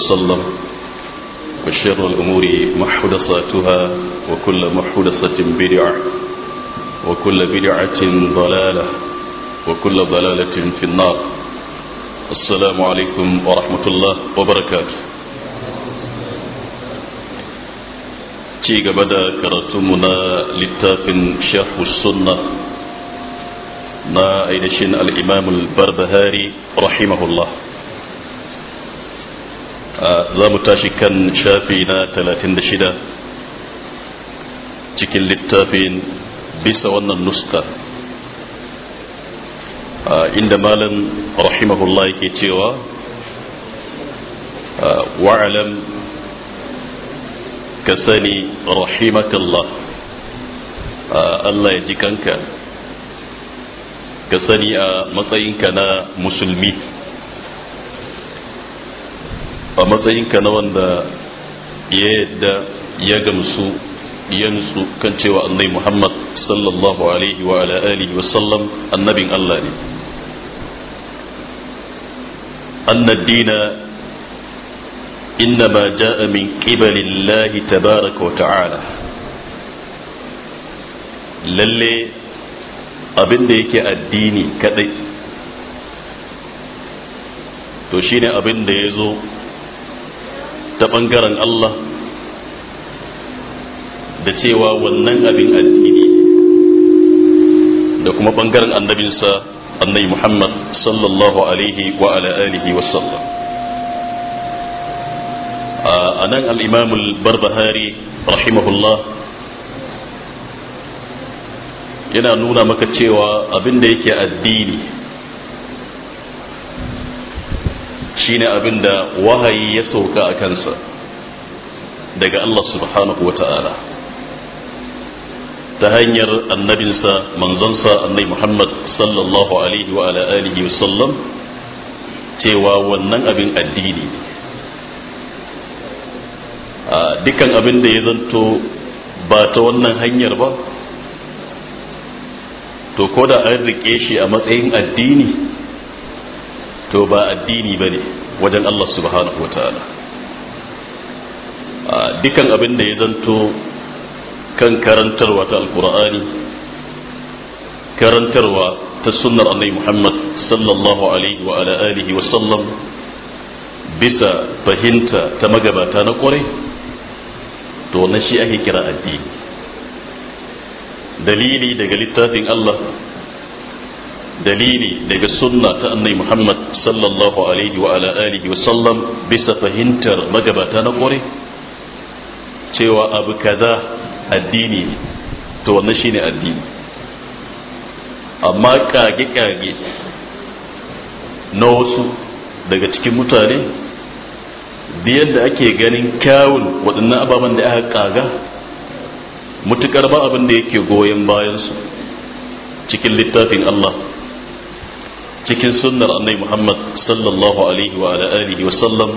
وسلم وشر الأمور محدثاتها وكل محدثة بدعة وكل بدعة ضلالة وكل ضلالة في النار السلام عليكم ورحمة الله وبركاته تيغ بدا كرتمنا للتاف شرح السنة نا أيدشن الإمام البربهاري رحمه الله za mu tashi kan shafi na 36 cikin littafin bisa wannan nuska inda malam rahimahullah yake cewa wa'alam ka sani rahimakallah Allah ya ji kanka ka sani a matsayinka na musulmi a matsayinka na wanda ya yadda ya gamsu ya nutsu kan cewa annai muhammad sallallahu alaihi wa ala alihi wa sallam annabin allah ne anna dina ba ja'a min qibalillahi tabaraka wa ta'ala lalle abin da yake addini kadai to shine abin da ya zo ta ɓangaren Allah da cewa wannan abin addini da kuma ɓangaren annabinsa annabi Muhammad sallallahu alaihi wa alihi wa sallam a nan al'imamul barbahari rahimahullah yana nuna maka cewa abin da yake addini Shi ne abin da wahayi ya sauka a kansa daga Allah subhanahu wa ta'ala ta hanyar annabinsa manzansa annai Muhammad sallallahu alaihi wa ala alihi wa sallam cewa wannan abin addini a dukkan abin da ya zanto ba ta wannan hanyar ba to ko da an rike shi a matsayin addini to ba addini ba ne wajen Allah subhanahu wa ta'ala dukan abin da ya zanto kan karantarwa ta alkur'ani karantarwa ta sunnar annai muhammad sallallahu alaihi wa sallam bisa fahimta ta magabata na kwarai to na shi ake kira addini dalili daga littafin Allah dalili daga sunna ta annai muhammad sallallahu alaihi wa ala alihi wa sallam bisa fahimtar magabata na kore cewa abu kaza addini ne to wannan shine addini amma kage-kage na wasu daga cikin mutane da ake ganin kyawun waɗannan ababen da aka kaga mutukar ba abin da yake goyon bayansu cikin littafin Allah cikin sunnar annai muhammad sallallahu alaihi wa alihi wa sallam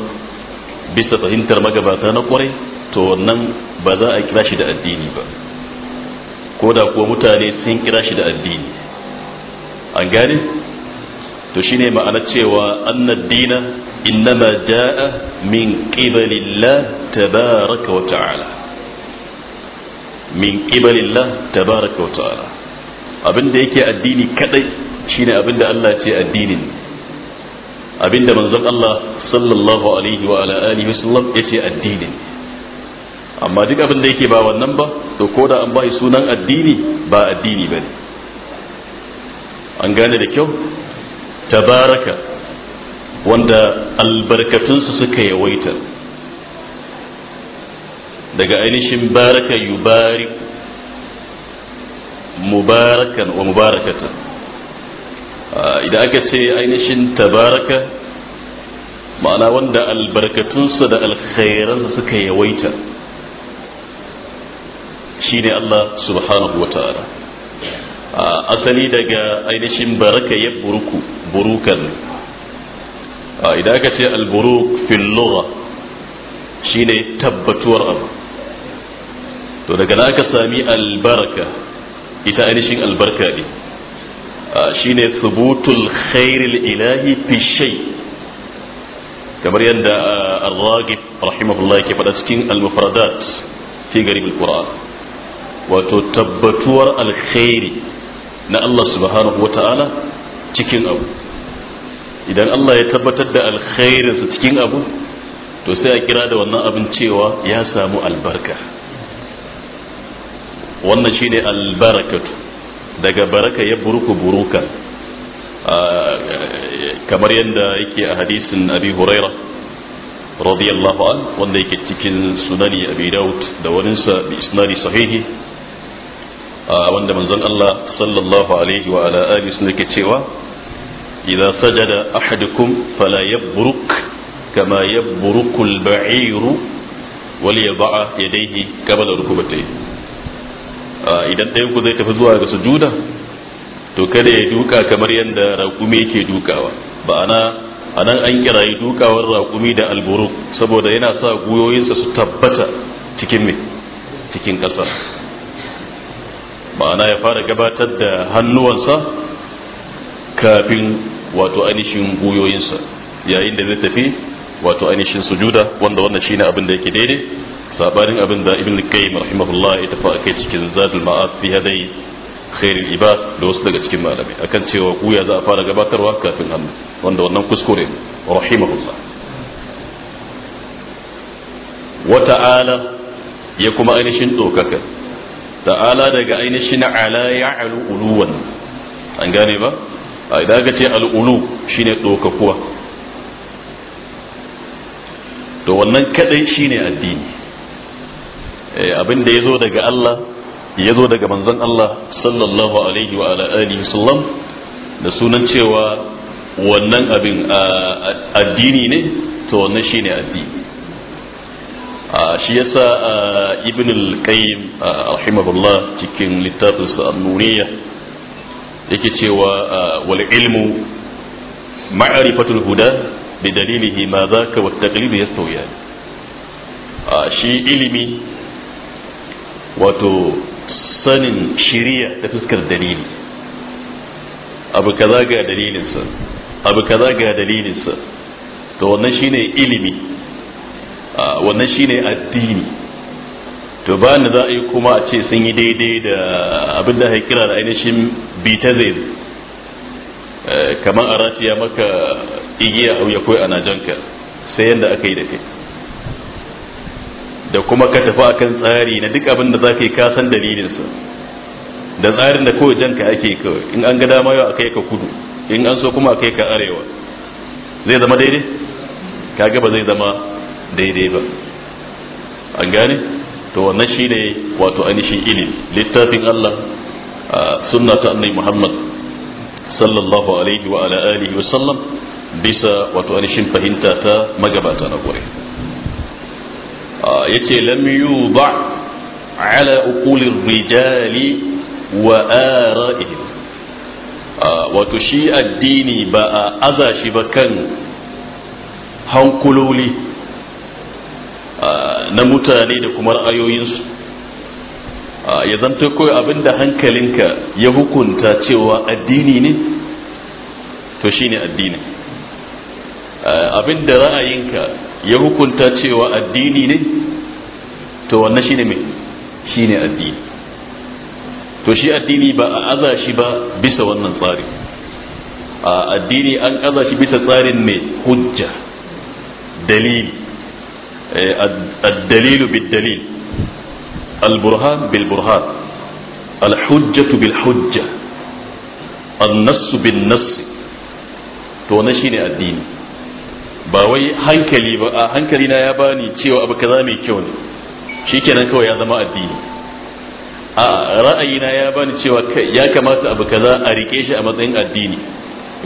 bisa fahimtar magabata na kwarai to wannan ba za a kira shi da addini ba ko da kuwa mutane sun kira shi da addini an gane to shine ma'ana cewa annad dina innama jaa min qibalillah tabaraka wa ta'ala min qibalillah tabaraka wa ta'ala abinda yake addini kadai shine abinda Allah ce addini abinda manzon Allah sallallahu alaihi wa ala alihi wasallam yace addini amma duk abin da yake ba wannan ba to ko da an bai sunan addini ba addini bane an gane da kyau tabaraka wanda su suka yawaita daga ainihin baraka yubari mubarakan wa mubarakatan idan aka ce ainihin tabaraka ma'ana wanda albarkatunsa da alkhairansa suka yawaita shi ne Allah subhanahu wa ta'ala asali daga ainihin baraka ya buruku burukan idan aka ce alburuk fil lugha ne tabbatuwar abu to daga na aka sami albarka ita ainihin albarka ne shine thubutul khairil ilahi fi shay kamar yadda ar-ragib rahimahullah yake faɗa cikin al-mufradat fi garib al-qur'an wato tabbatuwar alkhairi na Allah subhanahu ta'ala cikin abu idan Allah ya tabbatar da alkhairinsa cikin abu to sai a kira da wannan abin cewa ya samu albarka wannan shine albarakatu daga baraka ya buruku buruka ah, kamar yadda yake a hadisin abi huraira radiyallahu an wanda yake cikin sunani abi daud da waninsa bi isnadi sahihi ah, wanda manzon Allah sallallahu alaihi wa ala alihi sun yake cewa idza sajada ahadukum fala yabruk kama yabruku bairu wal yada'a yadayhi qabla rukubatayhi Ah, idan ɗayan ku zai tafi zuwa ga sujuda to kada ya duka kamar yadda raƙumi yake dukawa ba ana anan an yi dukawar raƙumi da alburu saboda yana sa guyoyinsa su tabbata cikin me cikin ƙasa ma'ana ya fara gabatar da hannuwansa kafin wato ainihin guyoyinsa yayin da zai tafi wato ainihin sujuda wanda wannan shine abin da yake daidai sabanin abin da ibn qayyim rahimahullah ya tafa kai cikin zadul ma'ad fi hadai al ibad da wasu daga cikin malamai akan cewa kuya za a fara gabatarwa kafin hannu wanda wannan kuskure rahimahullah wa ta'ala ya kuma ainihin dokaka ta'ala daga ainihin ala ya'lu uluwan an gane ba a idan ka ce al'ulu shine dokakuwa to wannan kadai shine addini Eh, abin da ya zo daga Allah ya zo daga manzon Allah sallallahu alaihi wa ala alihi sallam da sunan cewa wannan abin addini ne to wannan shine addini shi yasa ibn al-qayyim rahimahullah cikin littafin sa an-nuriyya yake cewa wal ilmu ma'rifatul huda bi dalilihi ma zaka ya taqlid yastawiyan shi ilimi wato sanin shiriya ta fuskar dalili abu kaza ga dalilinsa abu kaza ga dalilinsa to wannan shine ilimi wannan shine addini to ba ni za a yi kuma a ce sun yi daidai da abin da kira da ainihin zai eh, kamar a ratiya maka igiya a wuya kawai a najanka sai yadda aka yi da kai da kuma ka tafi akan tsari na duk abin da za ka yi ka san dalilinsa da tsarin da kawai janka ake kawai in an ga dama yau akai ka kudu in an so kuma akai ka arewa zai zama daidai ka ga ba zai zama daidai ba an gane to wannan ne wato ainihin ilim littafin Allah sunna ta annabi Muhammad sallallahu alaihi wa ala alihi wa sallam bisa wato ainihin fahimta ta magabata na gore yace lam yudha ala uqulir rijali wa ara'ihim wato shi addini ba a aza shi ba kan hankuloli na mutane da kuma ra'ayoyinsu ya zanto kawai abinda hankalinka ya hukunta cewa addini ne to ne addini abinda ra'ayinka ya hukunta cewa addini ne to wannan shine mai shine addini to shi addini ba a aza shi ba bisa wannan tsari a addini an aza shi bisa tsarin mai hujja dalil eh, ad-dalilu dalil al-burhan bil-burhan al-hujjatu bil-hujja an-nass bin-nass to wannan shine addini ba wai hankali ba a hankali na ya bani cewa abu kaza mai kyau ne shikenan kawai ya zama addini a ra'ayina ya bani cewa ya kamata abu kaza a rike shi a matsayin addini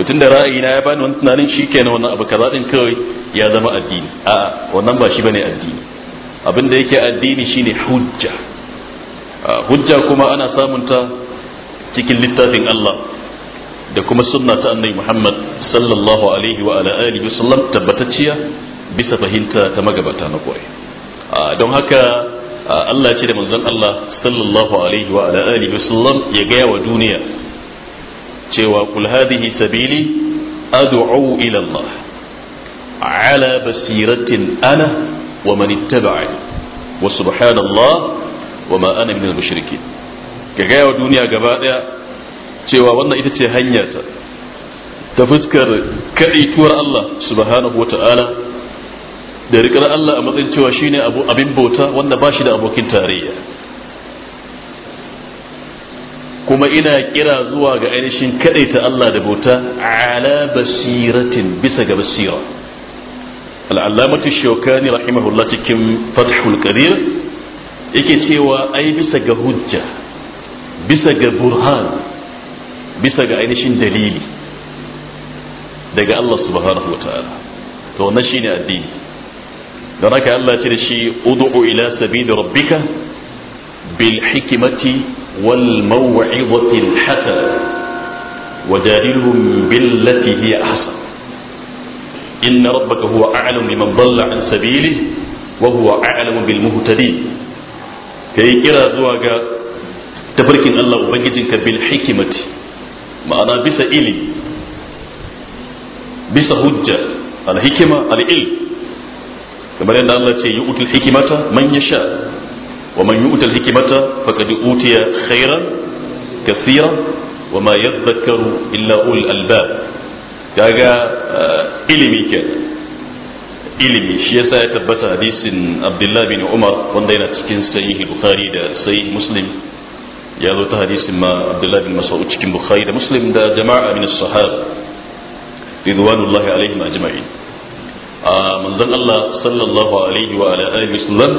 tun da ra'ayina ya bani wani tunanin shikenan wannan abu kaza din kawai ya zama addini a wannan ba shi bane addini abin da yake addini shine hujja hujja kuma ana samunta cikin littafin Allah da kuma sunna ta annabi Muhammad sallallahu alaihi wa ala alihi wa sallam tabbatacciya bisa fahimta ta magabata na kwarai don haka Allah ce da manzon Allah sallallahu alaihi wa ala alihi wa sallam ya gaya wa duniya cewa kul hadhihi sabili ad'u ila Allah ala basiratin ana wa man ittaba'ani wa subhanallah wa ma ana minal mushrikin ga gaya wa duniya gaba daya cewa wannan ita ce hanyarsa ta fuskar kaɗaituwar Allah subhanahu wata'ala da riƙar Allah a matsayin cewa shine abin bauta wanda ba shi da abokin tarayya kuma ina kira zuwa ga ainihin kaɗaita Allah da bauta ala basiratin bisa ga basira al'allamatu shokani rahimahullah cikin fathul qadir yake cewa ai bisa ga hujja bisa ga burhan bisa ga ainihin dalili daga Allah subhanahu wa ta'ala to wannan shine addini don haka Allah ce da shi ud'u ila sabili rabbika bil hikmati wal maw'izati al hasana wajadilhum billati hiya ahsan inna rabbaka huwa a'lamu liman dalla an sabili wa huwa a'lamu bil muhtadin kai kira zuwa ga tafarkin Allah ubangijinka bil hikimati. ma'ana bisa ilimi bisa hujja alhikima al'il kamar yadda Allah ce yi utul hikimata man ya sha wa man yi utul hikimata utiya khairan kasira wa ma ya zakaru illa ul alba kaga eh, ilimi ke ilimi shi yasa ya tabbata hadisin abdullahi bin umar wanda yana cikin sahihi bukhari da sahih muslim ya zo ta hadisin ma abdullahi bin mas'ud cikin bukhari da muslim da jama'a min as-sahaba ridwanullahi alaihim ajma'in a manzon Allah sallallahu alaihi wa ala alihi wasallam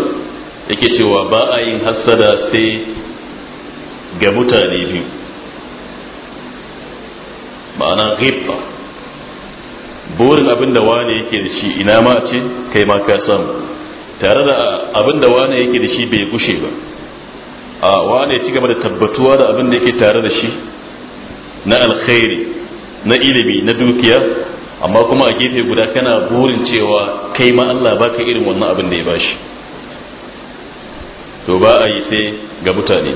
yake cewa ba a yin hassada sai ga mutane biyu ma'ana ghibba burin abin da wani yake da shi ina ma ce kai ma ka samu tare da abin da wani yake da shi bai gushe ba a wane ci gaba da tabbatuwa da abin da yake tare da shi na alkhairi na ilimi na dukiya amma kuma a gefe guda kana burin cewa kai ma Allah baka irin wannan abin da ya bashi to ba a yi sai ga mutane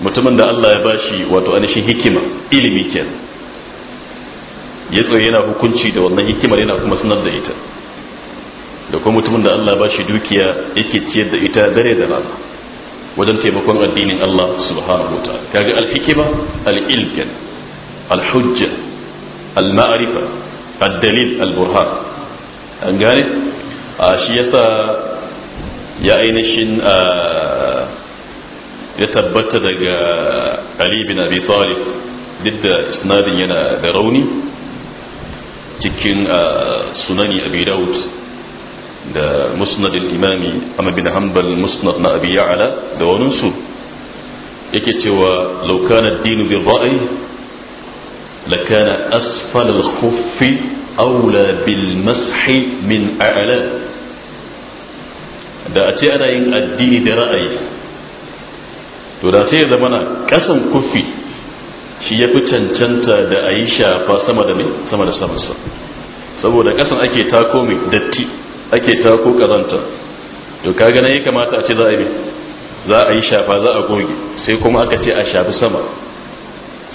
mutumin da Allah ya bashi wato anishin hikima ilimi kenan ya tsaye yana hukunci da wannan hikimar yana kuma sanar da ita da kuma mutumin da Allah ya bashi dukiya yake ciyar da ita dare da rana wajen taimakon addinin Allah subhanahu wa ta'ala kaga al-hikima al-ilm al-hujja al-ma'rifa ad-dalil al-burhan an gane a shi yasa ya ainihin ya tabbata daga Ali bin Abi Talib duk da isnadin yana da rauni cikin sunani Abi Dawud da musnad imami amma bin hanbal musnad na abi ya'ala da waninsu yake cewa laukana dinu bin ra'ayi lakana asfal kufi khuffi aula bil mashi a'la da a ce ana yin addini da ra'ayi to da sai ya zamana kasan kufi shi ya fi cancanta da a yi shafa sama da mai sama da samansa saboda kasan ake tako mai datti ake ta ko kazanta to kaga nan ya kamata a ce za a yi za a yi shafa za a goge sai kuma aka ce a shafi sama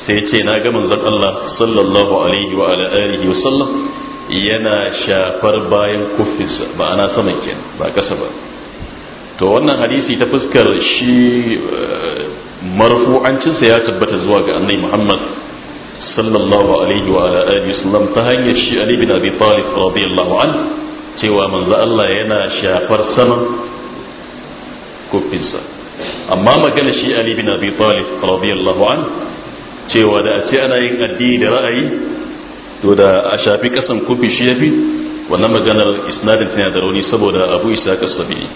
sai ce na ga manzon Allah sallallahu alaihi wa ala alihi wa sallam yana shafar bayan sa ba ana saman kenan ba kasa ba to wannan hadisi ta fuskar shi eh, sa ya tabbata zuwa ga annabi Muhammad sallallahu alaihi wa ala alihi wa sallam ta hanyar shi Ali bin Abi Talib radiyallahu anhu cewa manzo Allah yana shafar saman kofinsa amma magana shi Ali bin Abi Talib radiyallahu an cewa da a ce ana yin addini da ra'ayi to da a shafi kasan kofi shi yafi wannan maganar isnadin tana da rauni saboda Abu Isa Kasabi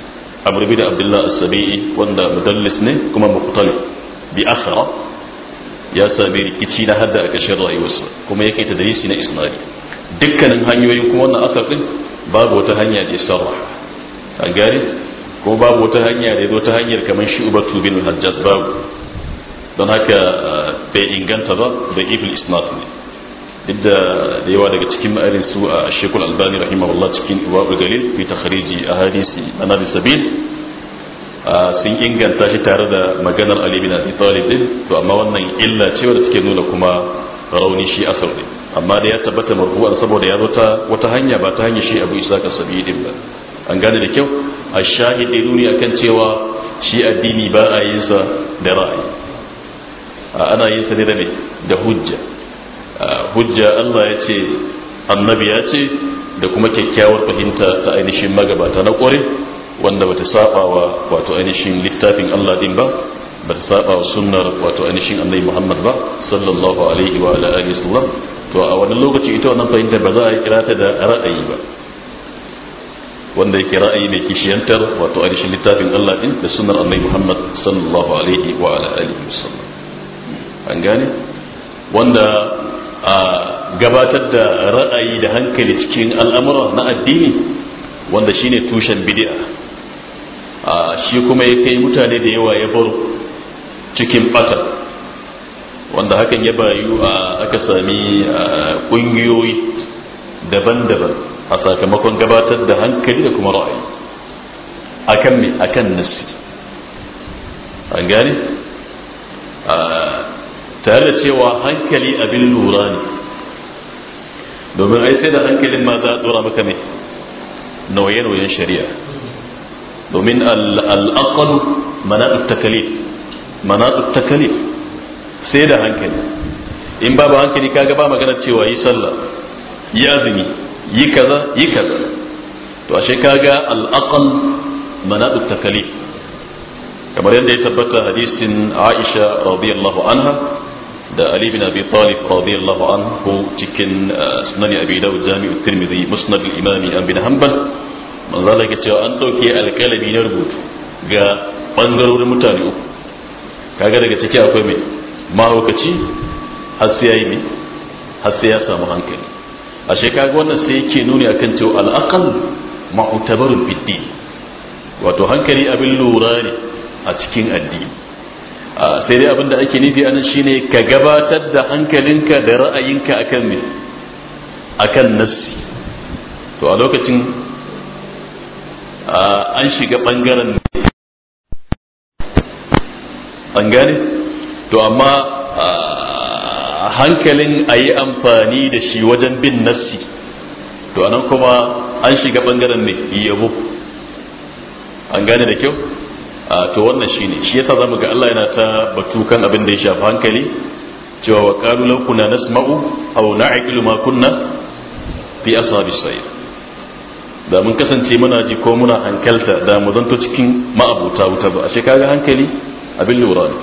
Amr bin Abdullah As-Sabi'i wanda mudallis ne kuma muqtali bi akhra ya sami rikici na hadda a kashin rayuwarsa kuma yake tadrisi na isnadi dukkanin hanyoyin kuma wannan akafin babu wata hanya da ya sarrafa an gari ko babu wata hanya da ya zo ta hanyar kamar shi ubatu bin hajjaz babu don haka bai inganta ba da ibn isnad ne duk da yawa daga cikin ma'arin su a shekul albani rahimahullah cikin iwabu galil fi takhriji a hadisi anadi sabil sun inganta shi tare da maganar ali bin abi talib to amma wannan illa ce wadda take nuna kuma rauni shi asar amma da ya tabbata marfu'an saboda ya zo ta wata hanya ba ta hanya shi abu isa ka sabi ba an gane da kyau a shahid dai nuni akan cewa shi addini ba a yin sa da ra'ayi ana yin sa ne da da hujja hujja Allah ya ce annabi ya ce da kuma kyakkyawar fahimta ta ainihin magabata na ƙware wanda bata saba wa wato ainihin littafin Allah din ba bata saba wa sunnar wato ainihin annabi Muhammad ba sallallahu alaihi wa alihi sallam. to a wani lokaci ita wannan fahimtar ba za a kira ta da ra'ayi ba wanda yake ra'ayi mai kishiyantar wato ainihin littafin Allah din da sunnar annabi Muhammad sallallahu alaihi wa ala alihi wasallam an gane wanda a gabatar da ra'ayi da hankali cikin al'amura na addini wanda shine tushen bid'a a shi kuma ya kai mutane da yawa ya bar cikin fata wanda hakan ya bayu a aka sami kungiyoyi daban-daban a sakamakon gabatar da hankali da kuma ra'ayi akan me akan nasi an gani tare da cewa hankali abin lura ne domin ai sai da hankalin ma za a dora maka mai nauye-nauyen shari'a domin al'aqalu mana takalif mana'ut takalif sai da hankali in babu hankali kaga ba magana cewa yi sallah yi azumi yi kaza yi kaza to ashe kaga al'aqal manadu takali kamar yadda ya tabbata hadisin Aisha radiyallahu anha da Ali bin Abi Talib radiyallahu anhu cikin uh, sunan Abi Dawud Jami'u Tirmidhi Musnad al-Imam Ibn Hanbal manzo Allah yake cewa an dauke alkalami na rubutu ga bangarorin mutane uku kaga daga ciki akwai mai lokaci har sai yayi ne har sai ya samu hankali a shekaru wannan sai yake nuni akan cewa al'aqal mahutabarun biddi wato hankali abin lura ne a cikin addini sai dai abinda ake nufi anan shine ka gabatar da hankalinka da ra'ayinka akan ne akan nassi to a lokacin an shiga bangaren an gane to amma hankalin a yi amfani da shi wajen bin nassi to anan kuma an shiga bangaren ne yabo an gane da kyau to wannan shi ne, shi yasa zamu ga Allah yana ta batu kan abin da ya shafi hankali cewa wa qalu law kunna nasma'u aw na'qilu ma kunna fi ashabi sayr da mun kasance muna ji ko muna hankalta da mu zanto cikin ma'abuta wuta ba ashe kaga hankali abin lura ne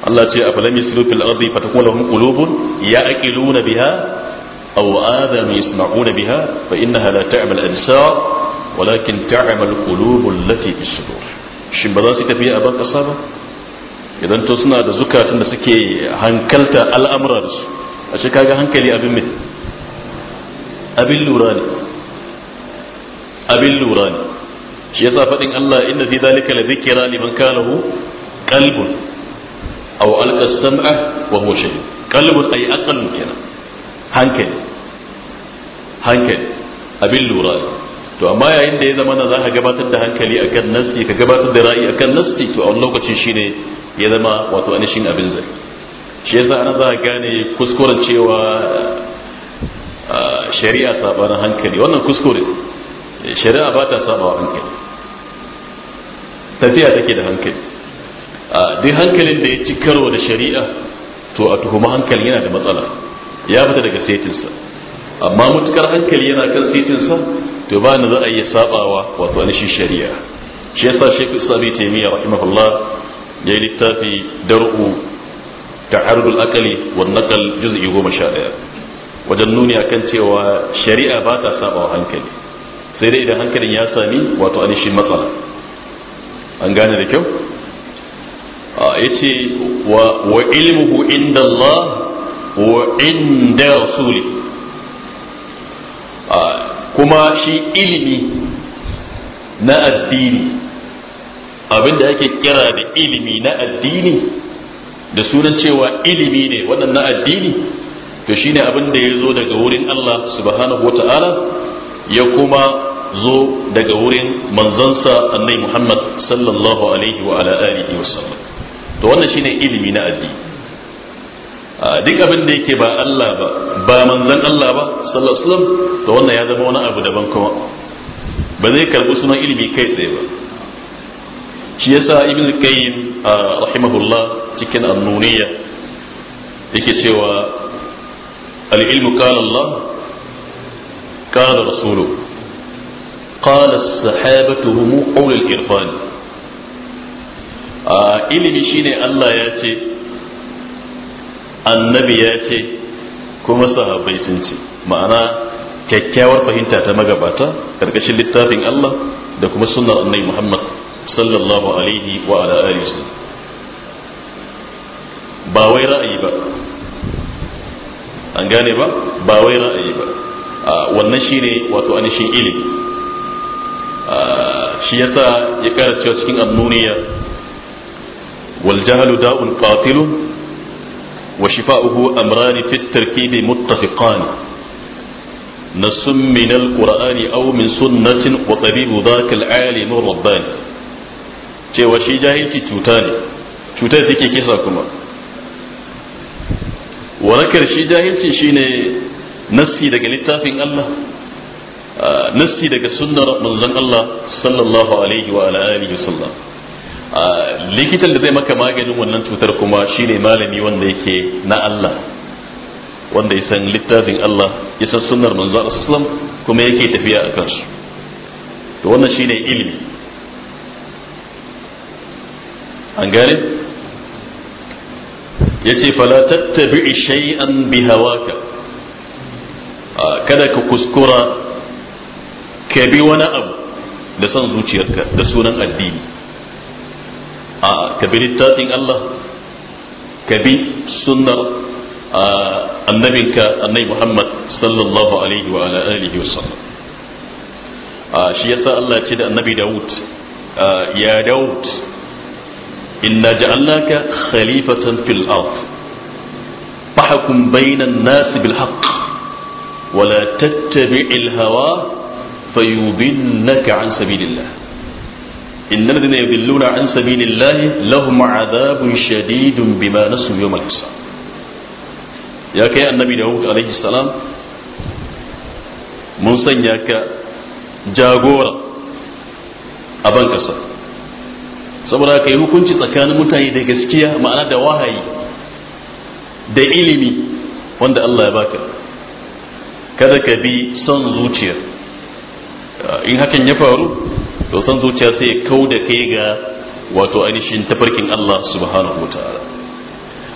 Allah ce a falam yasiru fil ardi fatakun lahum qulubun ya'qiluna biha fa walakin lati shin ba za su tafiya a ban kasa ba idan to suna da zukatun da suke hankalta al'amuran su a ce kaga hankali abin mai abin lura ne abin lura ne shi yasa faɗin Allah inna fi zalika la dhikra liman kana lahu qalbun aw alqa sam'a wa huwa shahid qalbun ay aqalun kenan hankali hankali abin lura to amma yayin da ya zama na zaka gabatar da hankali akan nassi ka gabatar da ra'ayi akan nassi to a wani lokacin shine ya zama wato anishin abin zai shi yasa ana za gane kuskuren cewa shari'a sabanin hankali wannan kuskure shari'a ba ta saba wa hankali tafiya take da hankali duk hankalin da ya ci karo da shari'a to a tuhuma hankali yana da matsala ya fita daga setinsa amma mutukar hankali yana kan setinsa to ba ni za a iya sabawa wato anishin shari'a shi yasa shekul islami taimiyya rahimahullah ya yi littafi dar'u ta'arudul akali wa naqal juz'i goma sha ɗaya wajen nuni akan cewa shari'a ba ta sabawa hankali sai dai idan hankalin ya sami wato anishin matsala an gane da kyau yace wa ilmuhu inda Allah wa inda rasuli kuma shi ilimi na addini abinda ake kira da ilimi na addini da sunan cewa ilimi ne waɗannan addini to shine abin da ya zo daga wurin Allah subhanahu wa ta'ala ya kuma zo daga wurin manzansa annai Muhammad sallallahu alaihi wa ala alihi wa sallam to wannan shine ilimi na addini duk abin da yake ba Allah ba ba manzon Allah ba sallallahu alaihi wasallam to wannan ya zama wani abu daban kuma ba zai karbi sunan ilimi kai tsaye ba shi yasa ibn qayyim rahimahullah cikin annuniya yake cewa al-ilmu qala Allah qala rasuluhu qala as-sahabatu hum ulul irfani ilimi shine Allah ya ce annabi ya ce kuma sahabbai sun ce ma'ana kyakkyawar fahimta ta magabata karkashin littafin Allah da kuma sunnar annabi Muhammad sallallahu alaihi wa ala alihi ba wai ra'ayi ba an gane ba ba wai ra'ayi ba wannan shine wato anishin ilimi shi yasa ya kara cewa cikin annuniya wal jahlu da'un qatilun wa shifa'uhu amran fi at-tarkibi muttafiqan نص من القرآن أو من سنة وطبيب ذاك العالم الرباني cewa shi jahilci cuta ne cutar take kisa kuma warakar shi jahilci shine nassi daga littafin Allah nassi daga sunnar manzon Allah sallallahu alaihi wa alihi wasallam likitan da zai maka maganin wannan cutar kuma shine malami wanda yake na Allah wanda ya san littafin Allah ya san sunnar manzo Allah kuma yake tafiya a kansu to wannan shine ilimi an gane yace fala tattabi'i shay'an bihawaka kada ka kuskura ka bi wani abu da son zuciyarka da sunan addini آه، كبير التاتين الله كبير السنة آه، النبي النبي محمد صلى الله عليه وعلى آله وسلم آه، شيسا الله تدى النبي داود يا داود إنا جعلناك خليفة في الأرض فحكم بين الناس بالحق ولا تتبع الهوى فيبنك عن سبيل الله innal ladina yudilluna an sabilillahi lahum adhabun shadidun bima nasu yawmal hisab ya kai annabi dawud alaihi salam mun sanya ka jagora a ban kasa saboda ka yi hukunci tsakanin mutane da gaskiya ma'ana da wahayi da ilimi wanda Allah ya baka kada ka bi son zuciya in hakan ya faru to san zuciya sai ya kau da kai ga wato ainihin tafarkin Allah subhanahu wataala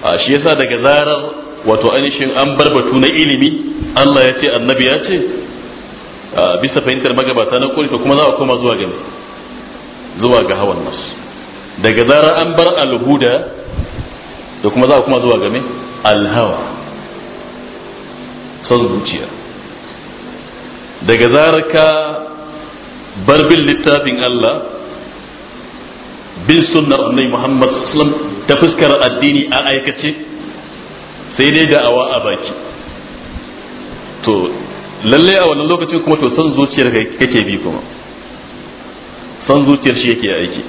a shi yasa daga zarar wato ainihin an bar batu na ilimi Allah ya ce annabi ya ce bisa fahimtar magabata na koli to kuma za a koma zuwa ga zuwa ga hawan nas daga zarar an bar alhuda to kuma za a koma zuwa ga me alhawa san zuciya daga zarar ka bar bin littafin Allah bin sunnar annabi Muhammad sallam ta fuskar addini a aikace sai dai da'awa a baki to lalle a wannan lokacin kuma to san zuciyar kake bi kuma san zuciyar shi yake aiki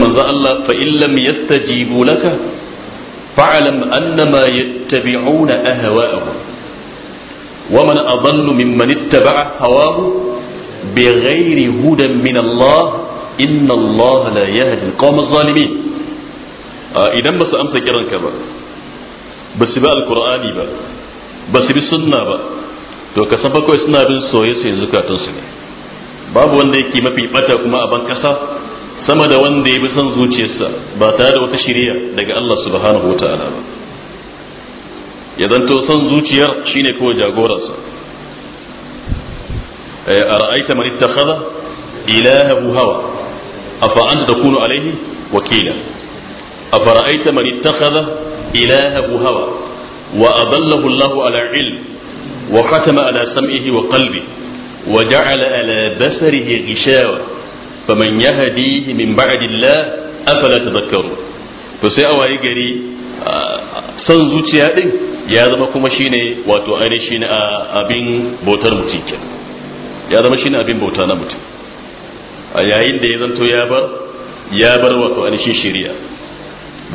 manzo Allah fa in yastajibu laka fa'lam annama yattabi'una ahwa'ahum ومن أضل ممن اتبع هواه بغير هدى من الله إن الله لا يهدي القوم الظالمين idan ba su amsa kiranka ba ba su bi alkur'ani ba ba su bi sunna ba to ka san bakwai suna bin soye soye zukatunsu ne babu wanda yake mafi bata kuma a ban kasa sama da wanda ya bi son zuciyarsa ba tare da wata shiriya daga Allah subhanahu wa ta'ala ba ya zanto son zuciyar shine kawai jagoransa eh, a ra'aita man ittakhadha ilahahu hawa afa anta takunu alaihi wakila afa ra'aita man ittakhadha ilahahu hawa wa adallahu Allahu ala ilm wa khatama ala sam'ihi wa qalbi wa ja'ala ala basarihi gishawa faman yahdihi min ba'di Allah afala tadhakkarun to sai a waye gari ah, san zuciya din ya zama kuma shine wato ainihin abin bautar mutum ke ya zama shine abin bauta na mutum a yayin da ya zanto ya bar ya bar wato ainihin shari'a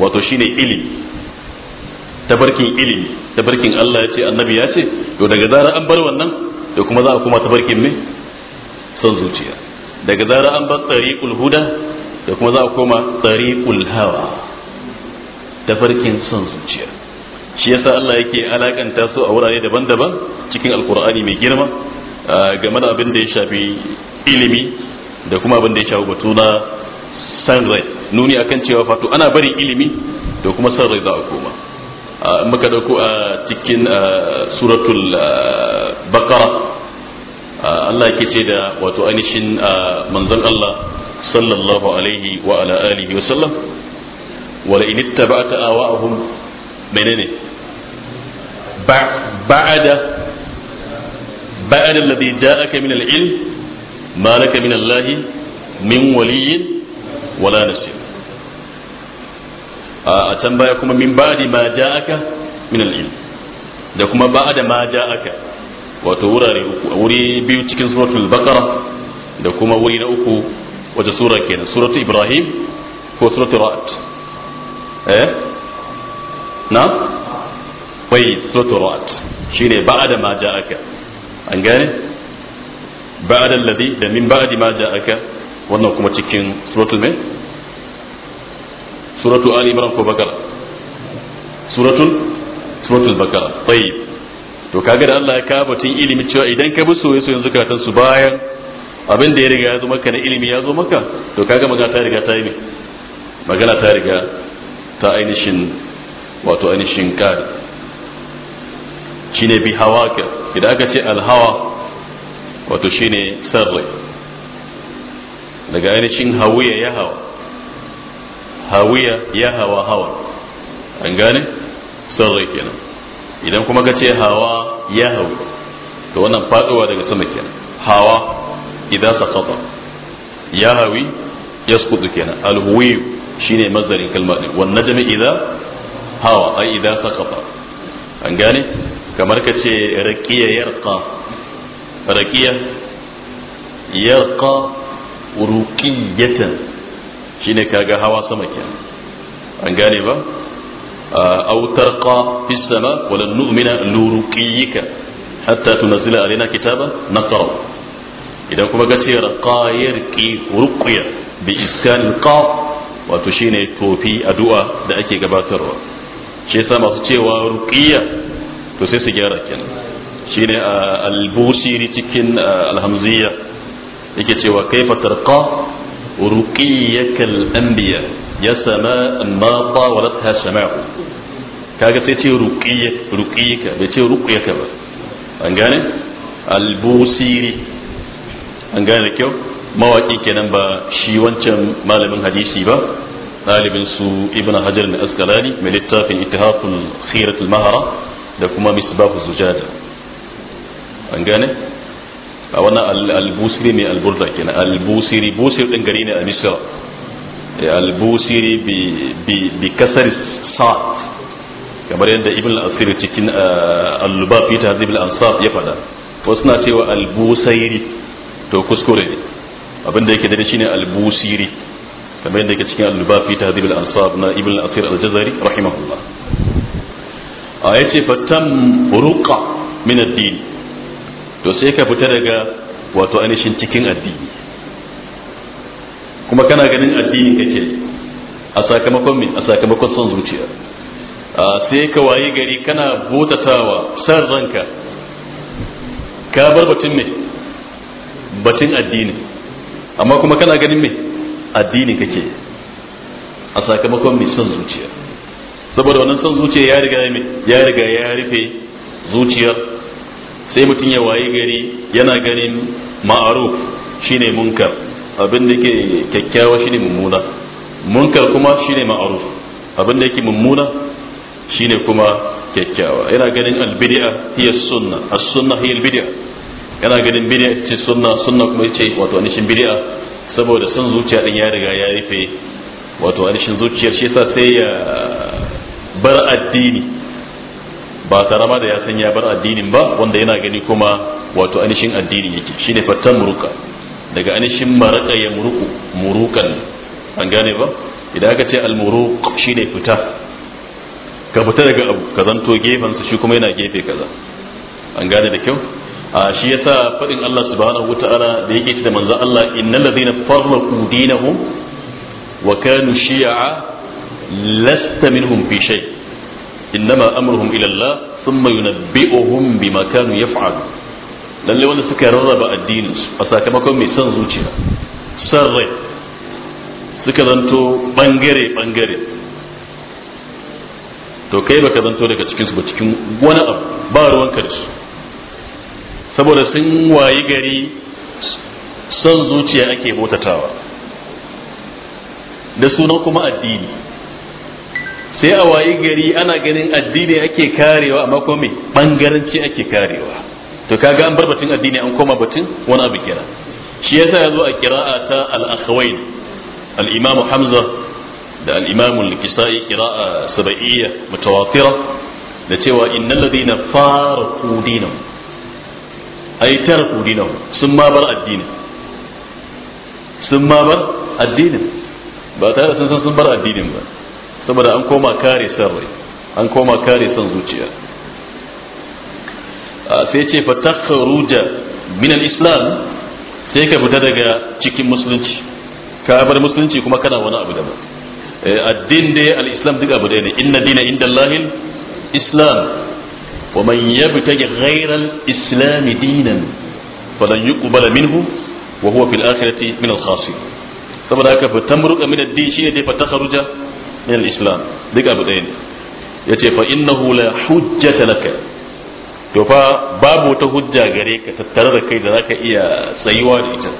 wato shine ilimi tabarkin ilimi tabarkin Allah ya ce annabi ya ce to daga zarar an bar wannan to kuma za a kuma tabarkin me son zuciya daga zarar an bar tariqul huda da kuma za a koma tariqul hawa tafarkin son zuciya shi yasa Allah yake alakanta su a wurare daban-daban cikin alkur'ani mai girma game da abin da ya shafi ilimi da kuma abin da ya shafi batu na san rai nuni akan cewa fato ana bari ilimi da kuma san rai za a koma muka dauko a cikin suratul baqara Allah yake ce da wato anishin manzon Allah sallallahu alaihi wa ala alihi wa sallam wala in ittaba'ta awa'ahum menene بعد بعد الذي جاءك من العلم ما لك من الله من ولي ولا نصير أتم بايكم من بعد ما جاءك من العلم دكما بعد ما جاءك وتورى وري بيوتك سورة البقرة دكما وري نوكو وتسورة كينا سورة إبراهيم وسورة رأت إيه نعم bai suturat shine ba'ada ma ja'aka an gane ba'da alladhi da min ba'di ma ja'aka wannan kuma cikin suratul mai suratu ali imran ko bakara suratul suratul bakara tayyib to kaga da Allah ya kawo batun ilimi cewa idan ka bi soyayya soyayya zakatan su bayan abin da ya riga ya zo maka na ilimi ya zo maka to kaga magana ta riga ta yi magana ta riga ta ainihin wato ainihin kare shine bi ke idan aka ce alhawa wato shine sarri daga ainihin hawiya ya hawa hawiya ya hawa hawa an gane sarri kenan idan kuma ka ce hawa ya hawi to wannan faduwa daga sama kenan hawa idan sakata ya hawi ya kenan alhuwiyu shine mazarin kalma wannan jami'i idan hawa ai idan sakata an gane kamar ka ce raqiya yarqa raqiya yarqa shi shine kaga hawa sama kenan an gane ba aw tarqa fi sama wa nu'mina luruqiyika hatta tunzila alaina kitaba naqra idan kuma ka ce raqayar ki ruqya bi iskan qaf wato shine tofi addu'a da ake gabatarwa shi yasa masu cewa ruƙiya to sai su gyara kenan shine al-busiri cikin al-hamziya yake cewa kaifa tarqa ruqiyakal anbiya ya sama ma ta tawalatha sama'u kaga sai ce ruqiyak ruqiyaka bai ce ruqiyaka ba an gane al-busiri an gane da kyau mawaki kenan ba shi wancan malamin hadisi ba ɗalibin su ibn hajar na askalani mai littafin ittihaqul khiratul mahara da kuma misbahu zujaja an gane a wannan albusiri mai alburda kenan albusiri busir din gari ne a misra eh, albusiri bi kasar sa'ad kamar yadda ibn al asiri cikin eh, al-lubab fi tahzib al-ansab ya fada wasu na cewa albusairi to kuskure ne abinda yake dare shine albusiri kamar yadda yake cikin al-lubab fi tahzib al-ansab na ibn al asiri al-jazari rahimahullah a ya ce fatan ruka min addini to sai ka fita daga wato ainihin cikin addini kuma kana ganin addini kake a sakamakon min a sakamakon son zuciya sai ka waye gari kana botatawa san ranka ka bar batun ne batun addini amma kuma kana ganin me addini kake a sakamakon mai son zuciya saboda wannan son zuciya ya riga ya riga ya rufe zuciyar sai mutum ya wayi gari yana ganin ma'aruf shine munkar abin da yake kyakkyawa shine mummuna munkar kuma shine ma'aruf abin da yake mummuna shine kuma kyakkyawa yana ganin albid'a hiya sunna as-sunna hiya albid'a yana ganin bid'a ce sunna sunna kuma ce wato anishin bid'a saboda son zuciya din ya riga ya rufe wato anishin zuciyar shi yasa sai ya bar addini ba tare ma da ya san ya bar addinin ba wanda yana gani kuma wato anishin addini yake shine fatan muruka daga anishin maraka ya muruku murukan an gane ba idan aka ce almuruk shine fita ka fita daga abu ka zanto gefen shi kuma yana gefe kaza an gane da kyau a shi yasa fadin Allah subhanahu wataala da yake ta da manzo Allah innal ladina farraqu dinahum wa kanu shi'a lasta minhum fi shay innama amruhum ila Allah thumma yunabbi'uhum bima kanu yaf'alu lalle wanda suka rarraba addinin su a sakamakon mai son zuciya son rai suka zanto bangare bangare to kai ka zanto daga cikinsu ba cikin wani abu ba ruwanka da su saboda sun wayi gari son zuciya ake bautatawa da sunan kuma addini sai a wayi gari ana ganin addini ake karewa amma kuma me bangaranci ake karewa to kaga an bar batun addini an koma batun wani abu kira shi yasa ya zo a kira'a ta al akhwain al-imam hamza da al-imam al-kisai kira'a Saba'iyya mutawatira da cewa innal ladina faraku dinahum ay taraku dinahum sun ma bar addini sun ma bar addinin ba tare sun san sun bar addinin ba saboda an koma kare san rai an koma kare san zuciya sai ce fatakharuja min al-islam sai ka fita daga cikin musulunci ka bar musulunci kuma kana wani abu daban eh, addin da al-islam duk abu ɗaya ne inna dina inda Allahin islam wa man yabtaghi ghayra al-islam dinan falan yuqbala minhu wa huwa fil akhirati min al aka saboda haka fatamruqa min ad-din shine fa fatakharuja min al-islam duk abu ɗaya ne yace fa innahu la hujja laka to fa babu wata hujja gare ka tattare da kai da zaka iya tsayuwa da ita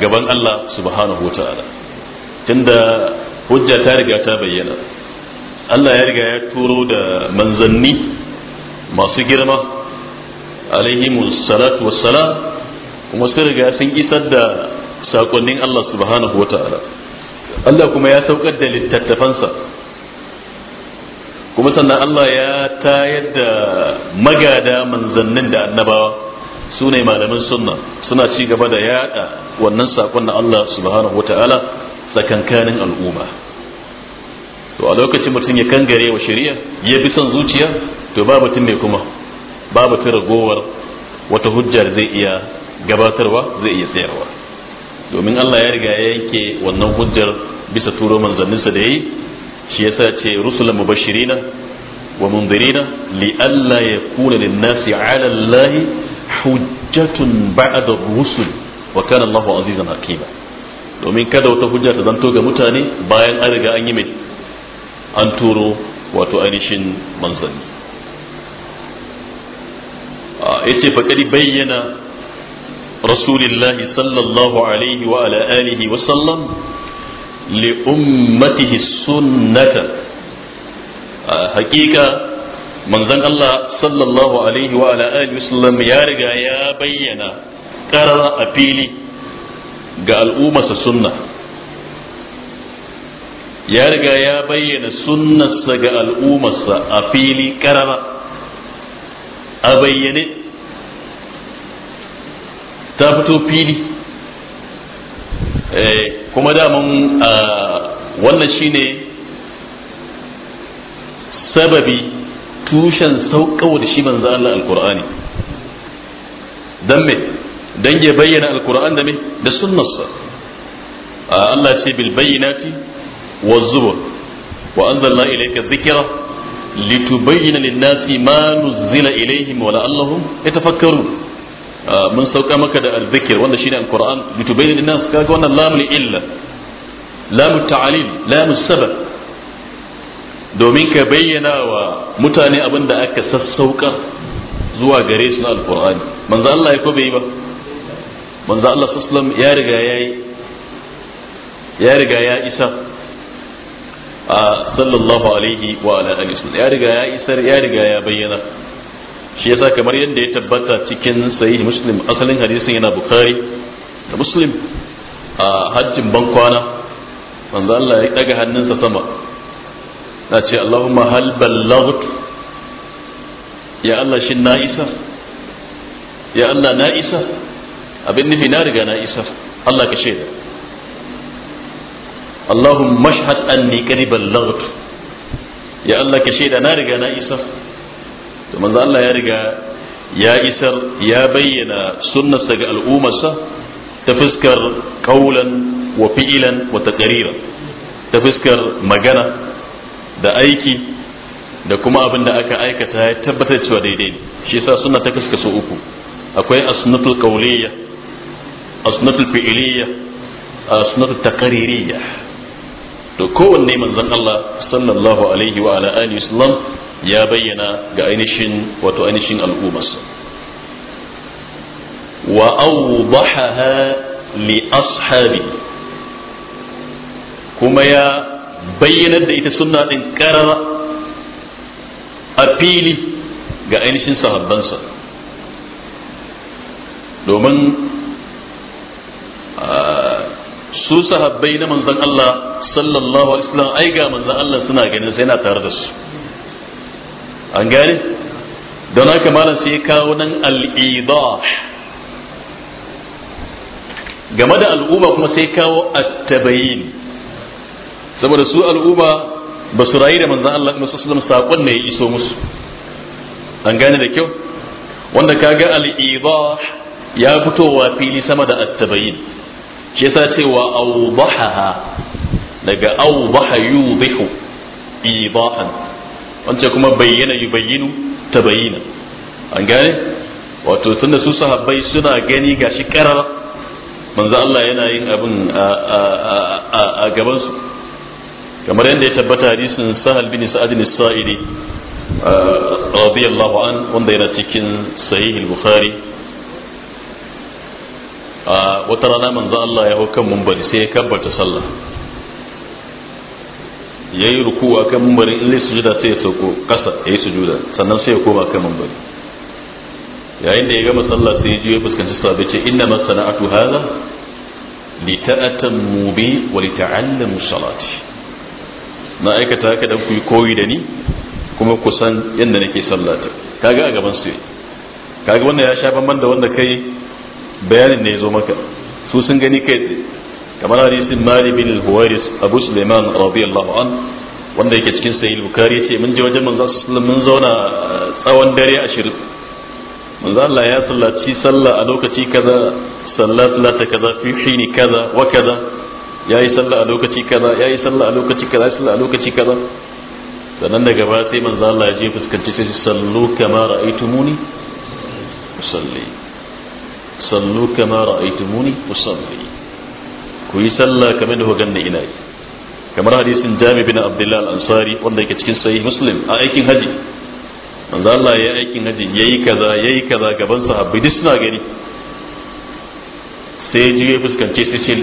gaban Allah subhanahu wa ta'ala tunda hujja ta riga ta bayyana Allah ya riga ya turo da manzanni masu girma alaihimu salatu wassalam kuma sun riga sun isar da sakonnin Allah subhanahu wa ta'ala Allah kuma ya saukar da littattafansa kuma sannan Allah ya tayar da magada manzannin da annabawa su ne malamin sunna suna ci gaba da yada wannan sakon na Allah subhanahu wataala tsakankanin al'umma to a lokacin mutum ya kangare wa shari'a ya bi son zuciya to ba mutum mai kuma ba mutum ragowar wata hujjar zai iya gabatarwa zai iya tsayarwa domin Allah ya riga ya yanke wannan hujjar bisa turo manzanninsa da yi shi yasa ce rusulan mubashirina wa mundirina li alla yakuna lin nasi ala Allah hujjatun ba'da rusul wa kana Allah azizan hakima domin kada wata hujja ta zanto ga mutane bayan an riga an yi mai an turo wato ainihin manzanni ah, yace faqadi bayyana رسول الله صلى الله عليه وعلى آله وسلم لأمته السنة حقيقة من ذن الله صلى الله عليه وعلى آله وسلم يارجع يا بينا قرر أبيلي قال أمة السنة ya riga ya bayyana sunnarsa ga al'ummarsa a fili karara a bayyane ta fito fili eh, kuma daman ah, wannan shine sababi tushen sauƙawa da shi manzo Allah alqur'ani don me dan ya bayyana alqur'an da me da sunnarsa ah, Allah ce bil bayyinati waz zubur wa anzalna ilayka dhikra litubayyana lin-nasi ma nuzila ilayhim wa la'allahum yatafakkarun mun sauka maka da arzikir wanda shine alquran litubayyin nas kaga wannan lam li illa lam ta'lil lam sabab domin ka bayyana wa mutane abin da aka sassauka zuwa gare su na alqur'ani manzo Allah ya ko bai ba manzo Allah sallallahu ya riga yayi ya riga ya isa a sallallahu alaihi wa ala alihi ya riga ya isar ya riga ya bayyana shi yasa kamar yadda ya tabbata cikin sahih muslim asalin hadisin yana bukhari da muslim a hajjin bankwana manzo Allah ya daga hannunsa sama na ce Allahumma hal ballaghtu ya Allah shin na isa ya Allah na isa abin nufi na riga na isa Allah ka shaida Allahumma shahad anni qad ballaghtu ya Allah ka shaida na riga na isa to manzo Allah ya riga ya isar ya bayyana sunnarsa ga al'ummarsa ta fuskar qaulan wa fi'ilan wa taqrira ta fuskar magana da aiki da kuma abin da aka aikata ya tabbatar cewa daidai ne shi yasa sunna ta kaskasu uku akwai asnatul qauliyya asnatul fi'iliyya asnatul taqririyya to kowanne manzon Allah sallallahu alaihi wa ala alihi wasallam ya bayyana ga ainihin wato ainihin al'ummarsa wa awdaha li ashabi kuma ya bayyana da ita sunna din karara a fili ga ainihin sahabbansa domin ah, su sahabbai na manzon Allah sallallahu alaihi wasallam ai ga manzon Allah suna ganin sai na tare da su an gane don haka malam sai kawo nan al'idah game da al'umma kuma sai kawo attabayin saboda su al'umma ba su rayu da manzan Allah kuma zama saƙon ne ya iso musu an gane da kyau wanda kaga al'idah ya fitowa fili sama da attabayin shi yasa cewa awdahaha daga awdaha yudihu idahan wance kuma bayyana ta tabayyina an gane wato da su sahabbai suna gani ga shi karar manzo Allah yana yin abin a gabansu. kamar yadda ya tabbata hadisin sahal bin sa'ad bin sa'idi radiyallahu an wanda yana cikin sahih al-bukhari wata rana manzo Allah ya hau kan mumbari sai ya kabbata sallah ya yi ruku kan mambari in yi sujuda sai ya sauko kasa ya yi sujuda sannan sai ya koma kan mambari yayin da ya gama sallah sai ya ji ya fuskanci sabai ce inna masana'atu hadha li ta'tammu mubi wa li ta'allamu salati na aikata haka dan ku yi koyi da ni kuma ku san yadda nake sallata kaga a gaban su kaga wannan ya sha bamban da wanda kai bayanin ne ya zo maka su sun gani kai tsaye kamar hadisin mali bin al-huwairis abu suleiman radiyallahu an wanda yake cikin sahih bukhari yace mun je wajen manzo sallallahu mun zauna eh, tsawon dare ashirin manzo Allah ya sallaci sallah a lokaci kaza sallah sallata kaza fi hini kaza wa kaza yayi sallah a lokaci kaza yayi sallah a lokaci kaza yayi sallah a lokaci kaza sannan daga baya sai manzo Allah ya je fuskanci sai sallu kama ra'aytumuni usalli sallu kama ra'aytumuni usalli ku yi sallah kamar da hogan da ina yi kamar hadisin jami bin abdullahi al-ansari wanda yake cikin sahih muslim a aikin haji manzo Allah ya aikin haji yayi kaza yayi kaza gaban sahabbai duk suna gani sai ji ya fuskance sai ce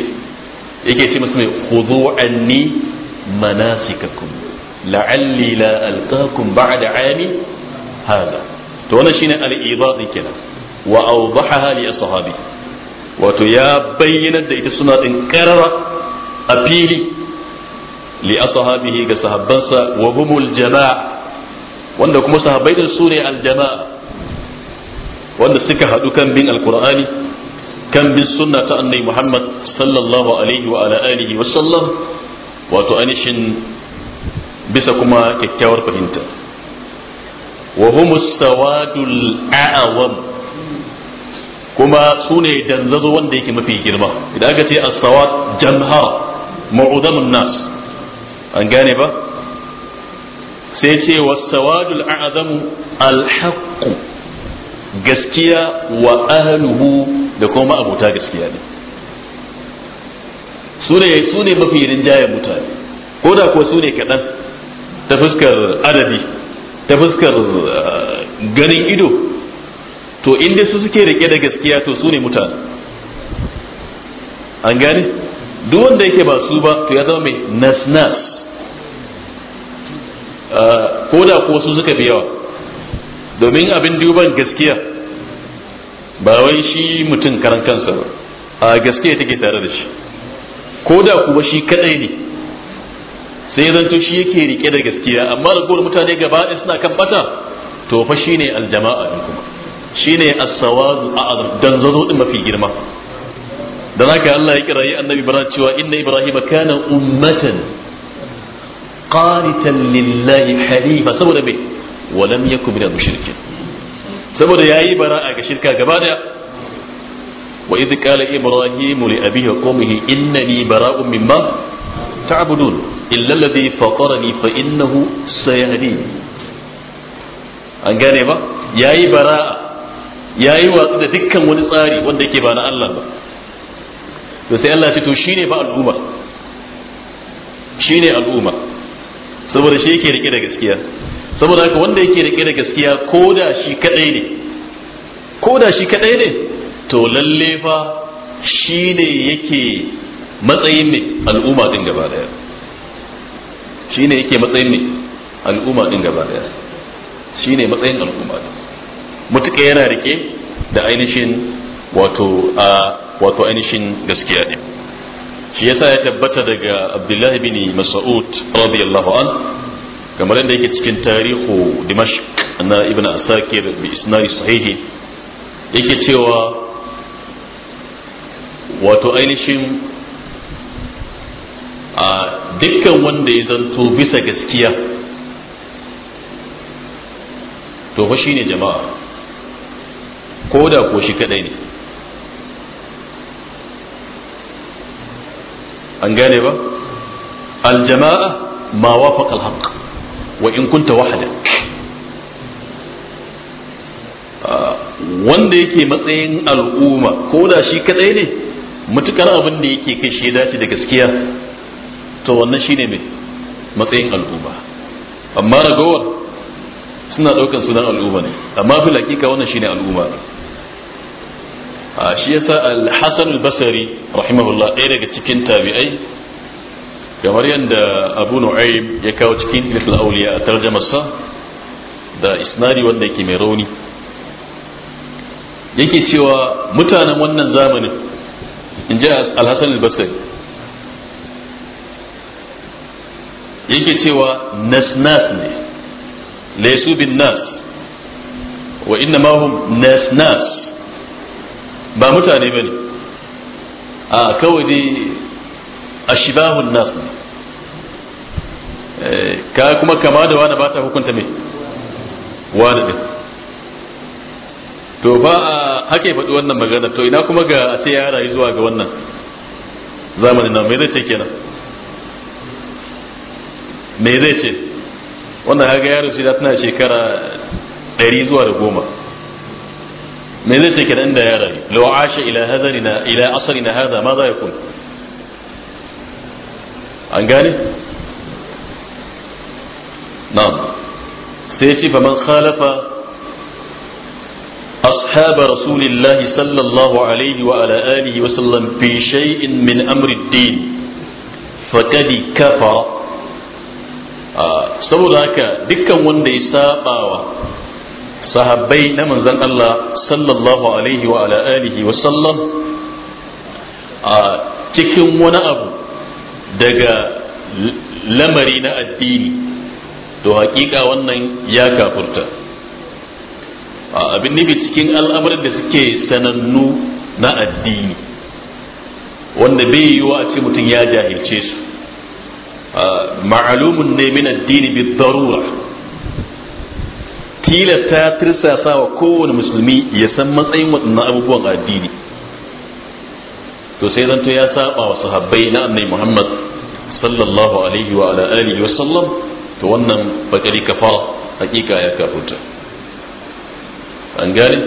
yake ce musu mai khudhu anni manasikakum la'alli la alqakum ba'da 'ami hada to wannan shine al-ibadi kenan wa awdahaha li ashabi wato ya bayyanar da ita suna ɗin karara a fili li ashabihi ga sahabbansa wa humul jama'a wanda kuma sahabbai din sune al jama'a wanda suka haɗu kan bin alqur'ani kan bin sunna ta annabi Muhammad sallallahu alaihi wa ala alihi wa sallam wato anishin bisa kuma kyakkyawar fahimta wa humus sawadul a'awam kuma su ne danzazo wanda yake mafi girma idan aka ce as-sawat janhar ma'udamun nas an gane ba sai ce was-sawadul a'zamu al-haqq gaskiya wa ahluhu da kuma abuta gaskiya ne su ne su ne mafi rinjayen mutane ko da ko su ne kaɗan ta fuskar adadi ta fuskar ah, ganin ido to inda su suke rike da gaskiya to su ne mutane an gane duk wanda yake ba su ba to ya zama mai nas-nas ah, ko da ko su suka fi yawa domin abin duban gaskiya ba wai shi mutum karan kansa ba a gaskiya take tare da shi ko da kuwa shi kadai ne sai zanto shi yake rike da gaskiya amma ragowar mutane gaba suna kan bata to fa shine aljama'a ne kuma shine as-sawadu a'zam dan zazo din mafi girma dan haka Allah ya kirayi annabi Ibrahim cewa inna Ibrahim kana ummatan qanitan lillahi hanifa saboda me wa lam yakun minal mushrikin saboda yayi bara'a ga shirka gaba daya wa idh qala ibrahim li abihi wa qaumihi innani bara'un mimma ta'budun illa alladhi fatarani fa innahu sayahdin an gane ba yayi bara'a ya yi watsu da dukkan wani tsari wanda yake ba na Allah ba to sai Allah ce to shine ba al'umma shine al'umma saboda shi yake rike da gaskiya saboda haka wanda yake rike da gaskiya ko da shi kadai ne ko da shi kadai ne to lalle fa shine yake matsayin ne al'umma din gaba daya shine yake matsayin ne al'umma din gaba daya shine matsayin al'umma din mutuka yana rike da ainihin wato ainihin gaskiya ne shi yasa ya tabbata daga abdullahi bin mas'ud radiyallahu an kamar yadda yake cikin tarihu dimashq na ibn asakir bi isnadi sahihi yake cewa wato ainihin a dukkan wanda ya zanto bisa gaskiya to fa shine jama'a ko da ko shi kadai ne an gane ba aljama'a ma wafaqa alhaq wa in kunta wahda ah, wanda yake matsayin al'umma ko da shi kadai ne mutukar abin da yake kai shi dace da gaskiya to wannan shine mai matsayin al'umma amma ragowar suna daukan sunan al'umma ne amma fil ka wannan shine al'umma ne Ah, shi sa al-hasan al-basri rahimahullah ɗaya daga cikin tabi'ai kamar yadda abu nu'aym ya kawo cikin ilfil auliya a tarjamarsa da isnari wanda yake mai rauni yake cewa mutanen wannan zamanin in ji al-hasan al-basri yake cewa nasnas ne laysu bin nas wa inna ma hum nasnas ba mutane bane a kawai dai ashibahun nas ne eh, ka kuma kama da wani ba ta hukunta me wani din to ba a hake faɗi wannan magana to ina kuma ga a ce ya rayu zuwa ga wannan zamanin nan mai zai ce kenan mai zai ce wannan haga yaro shi da tana shekara 100 zuwa da goma me zai ce kenan da ya rayu law asha ila na ila na hada ma za kun an gane na'am sai ce fa man khalafa أصحاب رسول الله صلى الله عليه وعلى آله وسلم في شيء من أمر الدين فقد كفر saboda haka dukkan wanda ya sabawa sahabbai na manzan Allah sallallahu alaihi wa ala alihi wa sallam a cikin wani abu daga lamari na addini to hakika wannan ya kafurta abin nufi cikin al'amuran da suke sanannu na addini wanda bai yiwuwa a ce mutum ya jahilce su ma'alumun ne min addini bi darura tilasta tirsasa wa kowane musulmi ya san matsayin waɗannan abubuwan addini to sai zanto ya saba wa sahabbai na annabi Muhammad sallallahu alaihi wa ala alihi wa sallam to wannan bakari kafara hakika ya kafuta an gane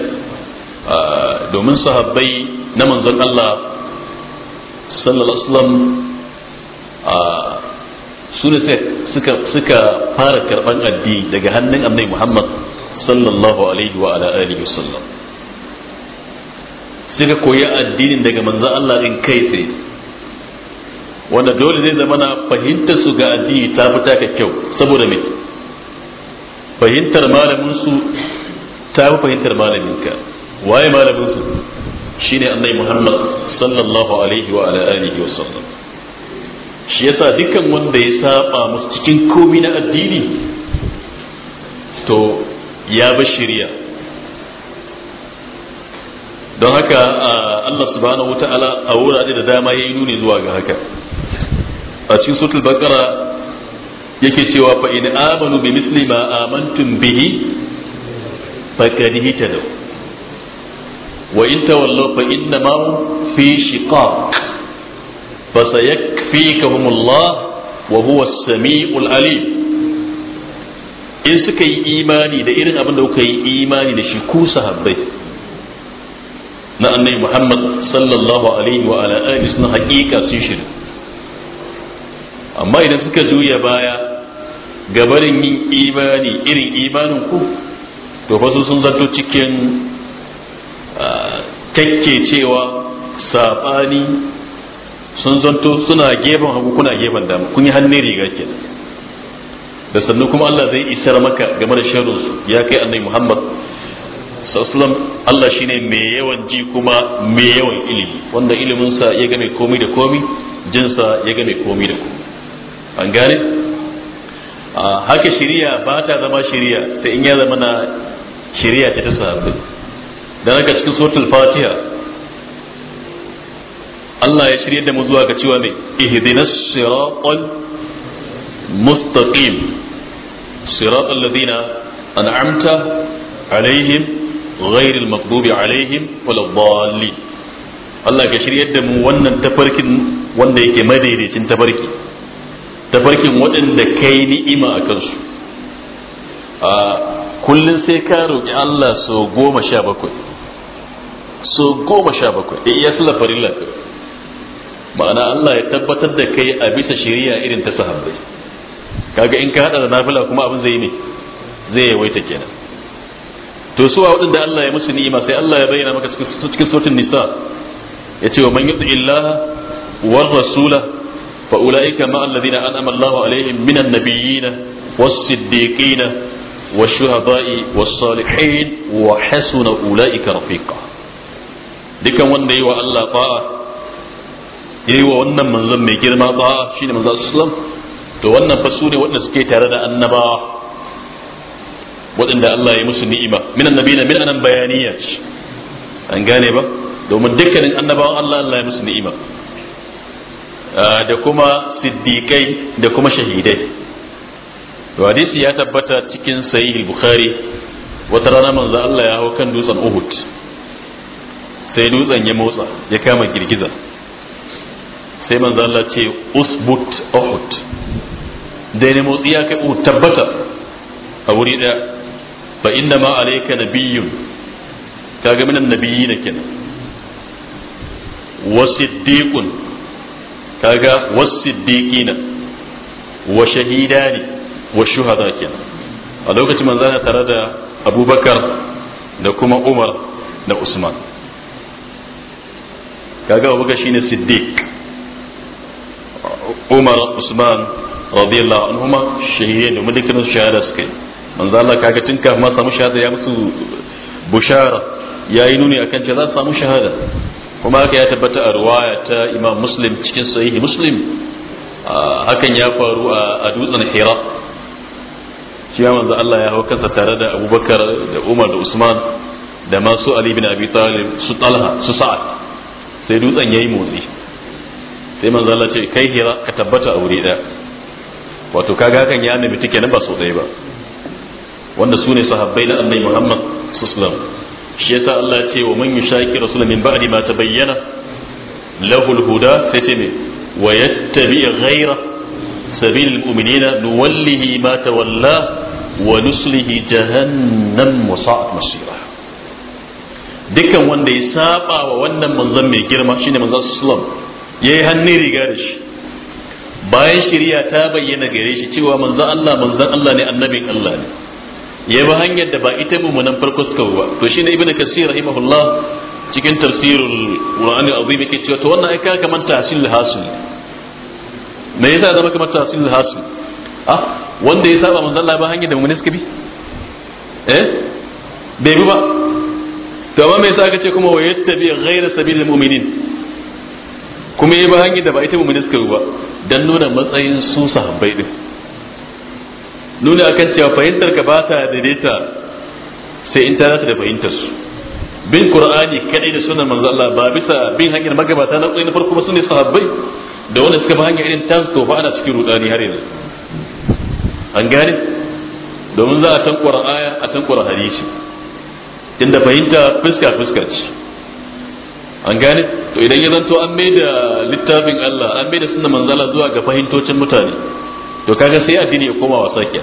domin sahabbai na manzon Allah sallallahu alaihi wa sallam su ne suka fara karban addini daga hannun annai muhammad sallallahu alaihi wa ala alihi sallam. suka koyi addinin daga manzon Allah din kai tsaye wanda dole zai zama na fahimtar su ga addini ta fi taka kyau saboda me fahimtar malamin su ta fi fahimtar malamin ka waye malamin su shine annabi Muhammad sallallahu alaihi wa ala alihi sallam? shi yasa dukkan wanda ya saba musu cikin komi na addini to ya bar shirya don haka Allah subhanahu ta'ala a wurare da dama ya yi nuni zuwa ga haka a cikin sutul bakara yake cewa fa in amanu bi misli ma amantum bihi faqad hitadu wa in tawallaw fa inna ma fi shiqaq fa sayakfikahumullah wa huwa as-sami'ul alim in suka yi imani da irin abin da kuka yi imani da shi ku sahabbai na annabi Muhammad sallallahu alaihi wa ala alihi sun hakika sun shiru amma idan suka juya baya gabarin yin imani irin imanin ku to fa su sun zato cikin takke cewa sabani sun zanto suna gefen hagu kuna gefen dama kun yi hannun riga kenan da sannu kuma Allah zai isar maka game da sharrin ya kai annabi Muhammad sallallahu Allah shine mai yawan ji kuma mai yawan ilimi wanda iliminsa sa ya gane komai da komai jinsa ya gane komai da komai an gane haka shiriya ba ta zama shiriya sai in ya zama na shiriya ce ta sahabbai dan haka cikin suratul fatiha Allah ya shirye da mu zuwa ga cewa mai ihdinas siratal mustaqim صراط الذين أنعمت عليهم غير المغضوب عليهم ولا الضالين Allah ka shiryar da mu wannan tafarkin wanda yake madaidaicin tafarki tafarkin waɗanda kai ni'ima a kansu a kullum sai ka roƙi Allah so goma sha bakwai so goma sha bakwai ma'ana Allah ya tabbatar da kai a bisa shari'a irin ta sahabbai kaga in ka hada da nafila kuma abin zai ne zai yawaita kenan to su a Allah ya musu ni'ima sai Allah ya bayyana maka cikin sautin nisa ya ce wa man yuti illaha war rasula fa ulaika ma alladhina an'ama Allahu alaihim minan nabiyyina was siddiqina was shuhada'i was salihin wa hasuna ulaika rafiqa dukan wanda yi wa Allah ta'a yayi wa wannan manzon mai girma ta'a shine manzon sallallahu alaihi to wannan fa sune ne waɗanda suke tare da annabawa waɗanda Allah ya musu ni'ima minan nabina min anan bayaniya ce an gane ba domin dukkanin annabawan Allah Allah ya musu ni'ima ah, da kuma siddiƙai da kuma shahidai to hadisi ya tabbata cikin sahih bukhari wata rana manzo Allah ya hau kan dutsen Uhud sai dutsen ya motsa ya kama girgiza sai manzo Allah ce usbut Uhud ne motsi ya kai tabbata a wuri daya ba inda ma alayka biyun kaga minan nabiyina kenan wasiddiqun kaga wasiddiqina wa shahidani wa shuhada kenan a lokacin manzana tare da abubakar da kuma umar da usman kaga abubakar shine siddiq umar usman radiyallahu anhuma shahiyai da mulkin su shahada suka yi manzo Allah kaga tun kafin ma samu shahada ya musu bushara yayi nuni akan cewa za su samu shahada kuma haka ya tabbata a riwaya ta Imam Muslim cikin sahihi Muslim hakan ya faru a dutsen Hira shi ya manzo Allah ya hau kansa tare da Abubakar da Umar da Usman da ma Ali bin Abi Talib su Talha su Sa'ad sai dutsen yayi motsi sai manzo Allah ce kai Hira ka tabbata a wuri daya wato kaga hakan ya annabi take nan ba so ɗaya ba wanda su ne sahabbai na annabi Muhammad sallallahu shi yasa Allah ce wa man yushaqi rasul min ba'di ma tabayyana lahu al-huda sai ce me wa yattabi ghayra sabil al-mu'minina nuwallihi ma tawalla wa nuslihi jahannam wa masira dukkan wanda ya saba wa wannan manzon mai girma shine manzon sallallahu alaihi wasallam yayi hannun riga da shi bayan shari'a ta bayyana gare shi cewa manzan Allah manzan Allah ne annabin Allah ne ya bi hanyar da ba ita mummunan farko suka ba to shi shine ibnu kasir rahimahullah cikin tafsirul qur'ani azim yake cewa to wannan ai ka kamar tahsil hasil me yasa zama kamar tahsil hasil ah wanda ya saba manzan Allah ba hanyar da mummuni suka bi eh bai bi ba to amma me yasa aka ce kuma wa yattabi ghayra sabilil mu'minin kuma ya ba hanyar da ba ita mummuni suka ba don nuna matsayin su sahabbai din nuna akan cewa fahimtar ka ba ta daidaita sai in ta da fahimtar su bin qur'ani kadai da sunan manzo Allah ba bisa bin hanyar magabata na na farko ba sune sahabbai da wanda suka ba hanyar irin ta to ba ana cikin rudani har yanzu an gane domin za a tankura aya a tankura hadisi tunda fahimta fuska fuska ce an gane to idan ya zanto an mai da littafin Allah an mai da sunna manzala zuwa ga fahimtocin mutane to kaga sai addini ya koma wasa kiya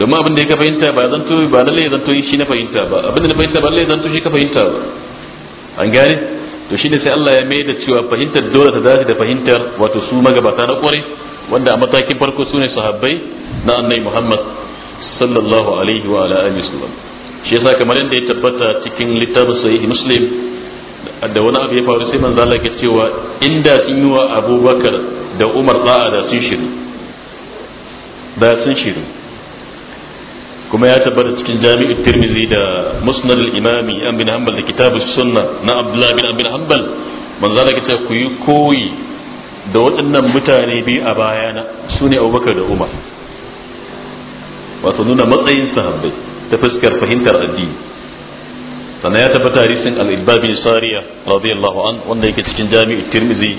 domin abin da ya ka fahimta ba zanto ba lalle ya zanto shi na fahimta ba abin da na fahimta ba lalle ya zanto shi ka fahimta ba an gane to shine sai Allah ya mai da cewa fahimtar dole ta dace da fahimtar wato su magabata na kware wanda a matakin farko su ne sahabbai na annabi Muhammad sallallahu alaihi wa ala alihi wasallam shi yasa kamar yadda ya tabbata cikin littafin sahihi muslim da wani abu ya faru sai manzo ke cewa inda sun yi wa abubakar da umar da sun shiru da sun shiru kuma ya tabbata cikin jami'in tirmizi da musnad al-imami an bin hanbal da kitabu sunna na abdullah bin abin hanbal manzo ke cewa ku yi koyi da waɗannan mutane biyu a bayana su ne abubakar da umar wato nuna matsayin sahabbai ta fuskar fahimtar addini sannan ya tabbata hadisin al-ibba bin sariya radiyallahu an wanda yake cikin jami'u tirmizi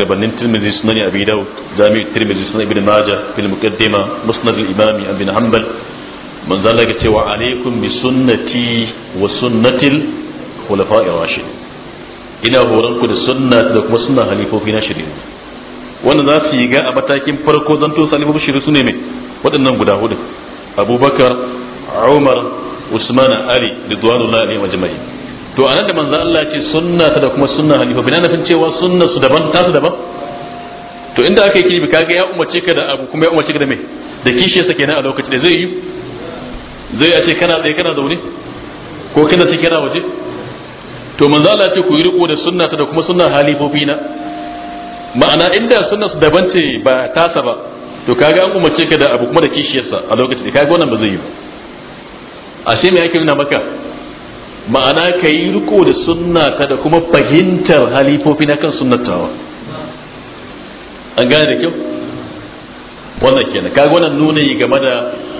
gabanin tirmizi sunan abi daud jami'u tirmizi sunan ibn majah fil muqaddima musnad al-imam ibn hanbal manzo Allah ya ce wa alaikum bi sunnati wa sunnatil khulafa'ir rashid ina horon ku da sunna da kuma sunna halifofi na shirye wannan za su yi ga a matakin farko zanto su halifofi su ne mai waɗannan guda hudu abubakar umar usmana ali ridwanullahi alaihim majma'i to anan da manzo Allah ce sunna ta da kuma sunna halifa bina nafin cewa sunna su daban ta su daban to inda aka yi kilibi kaga ya umarce ka da abu kuma ya umarce ka da me da kishi sa kenan a lokacin da zai yi zai a ce kana tsaye kana zaune ko kana ce kana waje to manzo Allah ce ku yi riko da sunna ta da kuma sunna halifofi na ma'ana inda sunna su daban ce ba tasa ba to kaga an umarce ka da abu kuma da kishiyarsa a lokacin da kaga wannan ba zai yi ba ashe me ake nuna maka ma'ana ka yi riko da sunna ta da kuma fahimtar halifofi na kan sunnatawa an gane da kyau wannan kenan kaga wannan nuna yi game da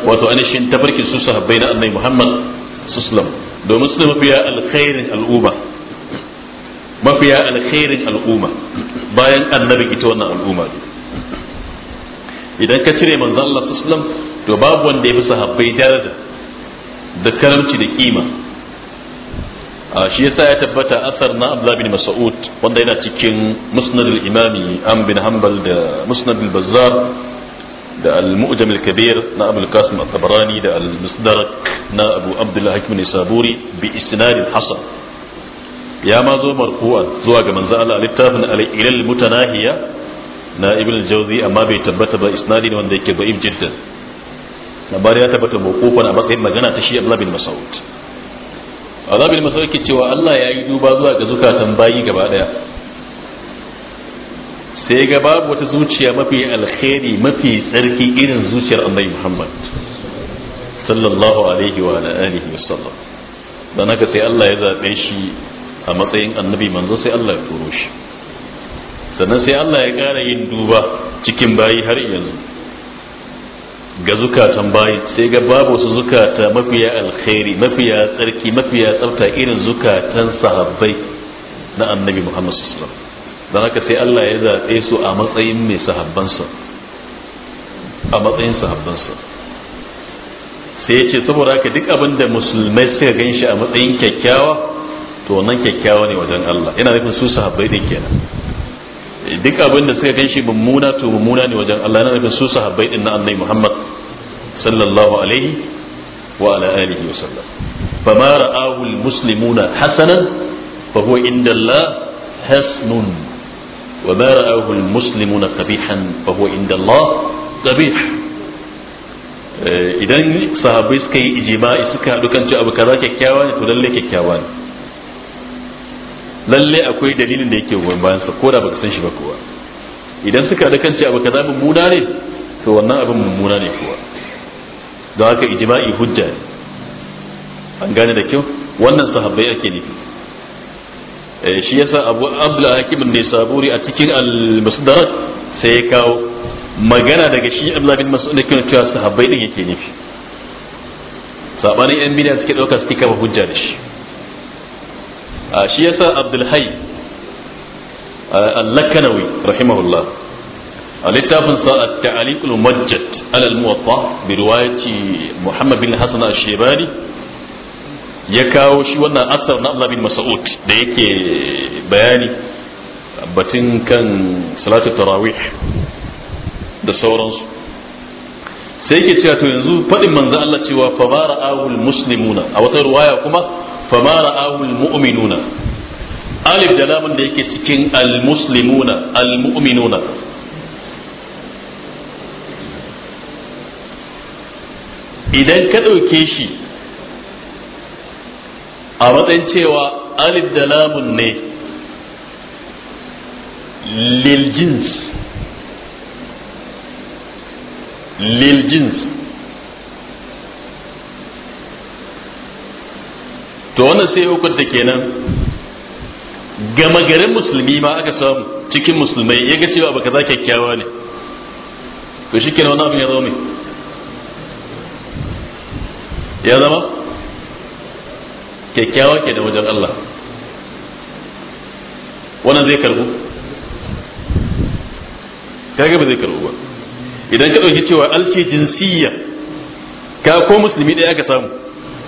wato anishin tafarkin su sahabbai na annabi Muhammad sallam domin su mafiya alkhairin al'umma mafiya alkhairin al'umma bayan annabi ita wannan al'umma idan ka cire manzo Allah sallam to babu wanda ya fi sahabbai daraja da karamci da kima shi yasa ya tabbata asar na Abdullah bin Mas'ud wanda yana cikin Musnad al-Imami Am bin Hanbal da Musnad al-Bazzar da al-Mu'jam al-Kabir na Abdul Qasim al-Tabarani da al-Musdarak na Abu Abdullah Hakim Nisaburi bi isnad al-Hasan ya ma zo marfu'an zuwa ga manzo Allah littafin al-Ilal mutanahiya na Ibn al-Jawzi amma bai tabbata ba isnadi ne wanda yake da'if jiddan labari ya tabbata mawqufan a matsayin magana ta shi Abdullah bin Mas'ud Abdullah bin Mas'ud ke cewa Allah ya yi duba zuwa ga zukatan bayi gaba daya sai ga babu wata zuciya mafi alkhairi mafi tsarki irin zuciyar Annabi Muhammad sallallahu alaihi wa alihi sallam. dan haka sai Allah ya zaɓe shi a matsayin annabi manzo sai Allah ya turo shi sannan sai Allah ya ƙara yin duba cikin bayi har yanzu ga zukatan bayi sai ga babu su zukata mafiya alkhairi mafiya tsarki mafiya tsafta irin zukatan sahabbai na annabi Muhammad sallallahu alaihi wasallam don haka sai Allah ya zaɓe su a matsayin mai sahabbansa a matsayin sahabbansa sai ya ce saboda haka duk abin da musulmai suka gan shi a matsayin kyakkyawa to nan kyakkyawa ne wajen Allah yana nufin su sahabbai din kenan duk abin da suka ganshi mummuna to mummuna ne wajen Allah yana nufin su sahabbai din na Annabi Muhammad sallallahu alaihi wa ala alihi wa sallam fama ra'ahu almuslimuna eh, idan suka yi ijima'i suka haɗu kan abu kaza kyakkyawa ne to lalle kyakkyawa ne lalle akwai dalilin da yake goyon bayan sa koda baka san shi ba kowa idan suka haɗu kan abu kaza mummuna ne to wannan abin mummuna ne kowa da haka ijma'i hujja an gane da kyau wannan sahabbai ake nufi eh, shi yasa abu abdul hakim ne saburi a cikin al-musdarat sai ya kawo magana daga shi abdul bin mas'ud da kuma cewa sahabbai din yake nufi sabanin yan bid'a suke dauka suke kafa hujja da shi ah, shi yasa abdul hayy ah, al-lakanawi rahimahullah a littafin sa ta taliq al alal muwatta bi riwayati Muhammad bin Hasan al-Shaybani ya kawo shi wannan asar na Abdullah bin Mas'ud da yake bayani batun kan salatu tarawih da sauransu sai yake cewa to yanzu fadin manzo Allah cewa fa bara'ahu al-muslimuna a wata riwaya kuma fa bara'ahu al-mu'minuna alif da lamun da yake cikin al-muslimuna al-mu'minuna idan ka ɗauke shi a matsayin cewa alif da lamun ne liljins liljins to wannan sai hukunta kenan gama garin musulmi ma aka samu cikin musulmai ya ga cewa baka za kyakkyawa ne to shi kenan wani abin ya zo mai ya zama kyakkyawa ke da wajen Allah wannan zai karbu kaga ba zai karbu ba idan ka ɗauki cewa alce jinsiyya ka ko musulmi ɗaya ka samu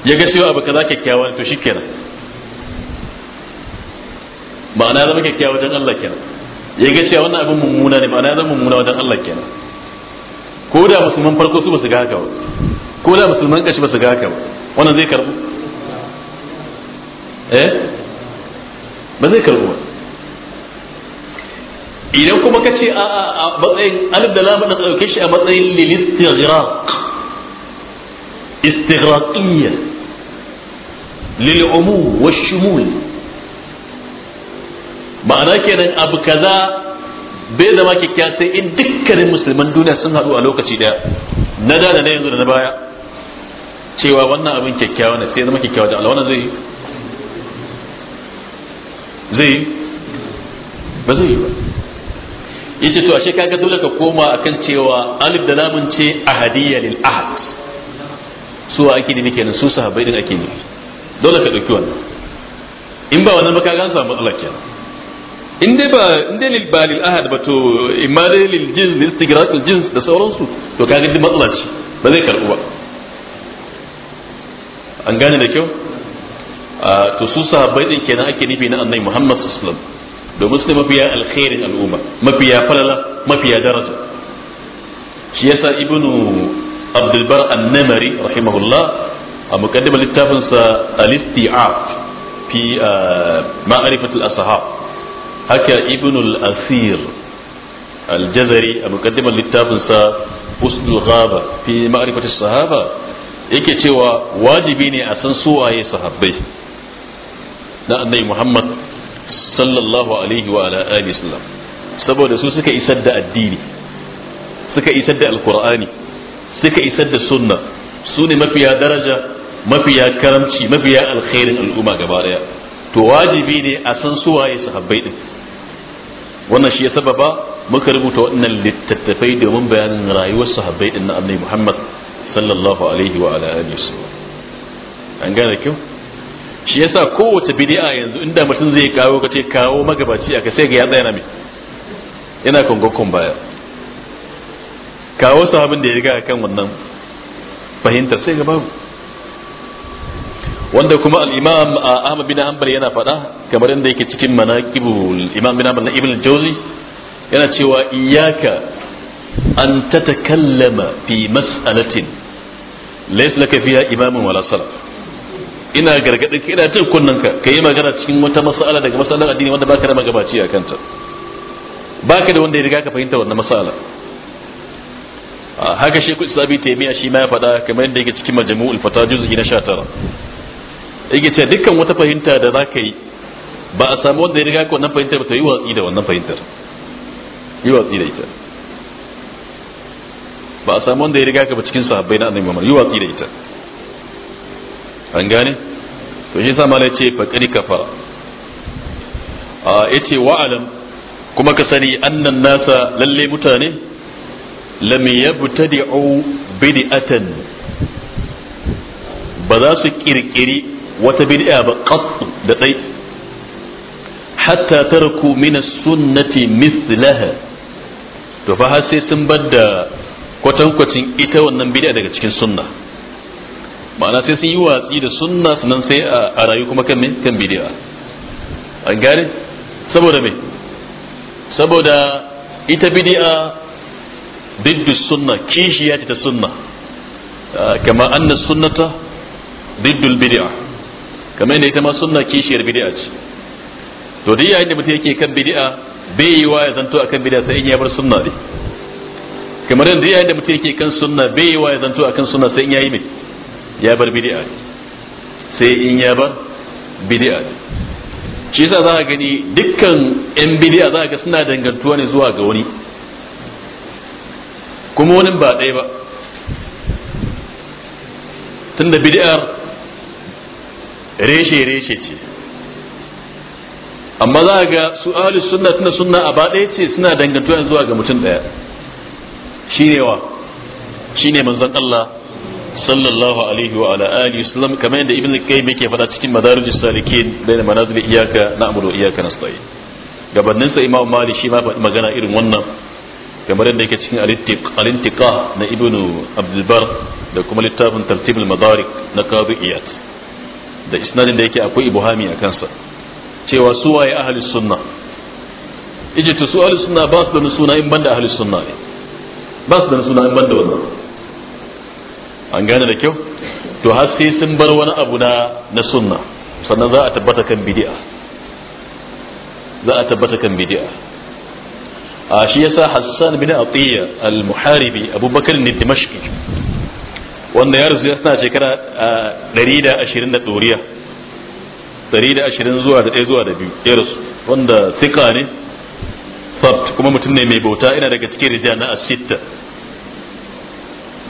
ya ga cewa abu kaza kyakkyawa to kenan ma'ana zama kyakkyawa wajen Allah kenan ya ga cewa wannan abin mummuna ne ma'ana zama mummuna wajen Allah kenan ko da musulman farko su ba su ga haka ba ko da musulman kashi ba su ga haka ba wannan zai karbu eh ba zai karbu ba idan kuma ka ce a matsayin alif da lamun da ɗauke shi a matsayin lilistighraq istighraqiyya lil'umu wa shumul ma'ana kenan abu kaza bai zama kyakkyawa sai in dukkanin musulman duniya sun haɗu a lokaci daya na da na yanzu da na baya cewa wannan abin kyakkyawa ne sai zama kyakkyawa da alwana zai zai ba zai ba yace to ashe kaga dole ka koma akan cewa alif da lamun ce ahadiyya lil ahad su ake ne kenan su sahabbai din ake ne dole ka dauki wannan in ba wannan ba kaga an samu matsala kenan in dai ba in dai lil balil ahad ba to imma dai lil jins lil istigraq jins da sauransu to kaga din matsala ce ba zai karbu ba an gane da kyau to su sahabbai din kenan ake nufi na annabi Muhammad sallallahu alaihi wasallam domin su ne mafiya alkhairin al'umma mafiya falala mafiya daraja shi yasa ibnu Abdul Bar rahimahullah a muqaddimar littafin al-Isti'af fi ma'rifat al-ashab haka ibnu al-Asir al-Jazari a muqaddimar littafin sa Usdul Ghaba fi ma'rifat as-sahaba yake cewa wajibi ne a san suwaye sahabbai na annabi Muhammad sallallahu alaihi wa ala sallam saboda su suka isar da addini suka isar da alkur'ani suka isar da sunna su ne mafiya daraja mafiya karamci mafiya alkhairin al'umma gaba daya to wajibi ne a san suwaye sahabbai din wannan shi ya sababa muka rubuta wannan littattafai domin bayanin rayuwar sahabbai din na annabi Muhammad sallallahu alaihi wa ala wasallam an gane kyau shi yasa kowace bid'a yanzu inda mutum zai kawo kace kawo magabaci aka sai ga ya tsaya na mai yana kongokon baya kawo sahabin da ya riga kan wannan fahimtar sai ga babu wanda kuma al-imam Ahmad bin Hanbal yana fada kamar inda yake cikin manaqibul imam bin Hanbal na Ibn Jawzi yana cewa iyyaka an tatakallama fi mas'alatin laysa laka fiha imamun wala sala ina gargadin ka ina jin kunnan ka kai magana cikin wata mas'ala daga masalan addini wanda baka da magabaci a kanta baka da wanda ya riga ka fahimta wannan mas'ala haka shi ku isabi taimiya shi ma ya faɗa kamar yadda yake cikin majmu'ul fata juzu na 19 yake ce dukkan wata fahimta da zaka yi ba a samu wanda ya riga ka wannan fahimtar ba ta yi watsi da wannan fahimtar yi watsi da ita ba a samu wanda ya riga ka ba cikin sahabbai na annabi Muhammad yi watsi da ita an gane to shi yasa malai ce faqari kafara a yace wa'alam kuma ka sani annan nasa lalle mutane lam yabtadi'u bid'atan ba za su kirkiri wata bid'a ba qat da dai hatta tarku min as-sunnati mithlaha to fa har sai sun bar da kwatankwacin ita wannan bid'a daga cikin sunna ma'ana sai sun yi watsi da sunna sannan sai a rayu kuma kan kan bidiya an gane saboda me saboda ita bidiya diddu sunna kishiya ta sunna ah, kama anna sunnata diddul bidiya kamar yadda ita ma sunna kishiyar bidiya ce to duk yayin da mutum yake kan bidiya bai yi wa ya zanto akan bidiya sai in ya bar sunna ne kamar yanzu yayin da mutum yake kan sunna bai yi wa ya zanto akan sunna sai in yayi mai ya bar bid'a sai in ya bar bid'a shi yasa za ka gani dukkan yan bid'a za ka suna dangantuwa ne zuwa ga wani kuma wani ba ɗaya ba tunda bid'ar reshe reshe ce amma za ga su ahli sunna tuna sunna a ba ɗaya ce suna dangantuwa zuwa ga mutum ɗaya shine wa shine manzon Allah sallallahu alaihi wa ala alihi wasallam kamar yadda ibn al-qayyim yake faɗa cikin madarijus salikin da bayan manazil iyaka na'budu wa iyaka nasta'in gabanin sa imam malik shi ma magana irin wannan kamar yadda yake cikin al-intiqa na ibnu abdul bar da kuma littafin tartib al-madarik na qadi Iyat da isnadin da yake akwai ibuhami a kansa cewa su waye ahlus sunna ije su ahlus sunna ba su da suna in banda ahlus sunna ne ba su da suna in da wannan an gane da kyau to har sai sun bar wani abu na na sunna sannan za a tabbata kan bidi'a. za a tabbata kan bidi'a. a shi yasa Hassan bin Atiyya al-Muharibi Abubakar ne Dimashqi wanda ya rasu yana shekara 120 da doriya 120 zuwa da 1 zuwa da 2 ya rasu wanda tsika ne sabt kuma mutum ne mai bauta ina daga cikin rijal na asitta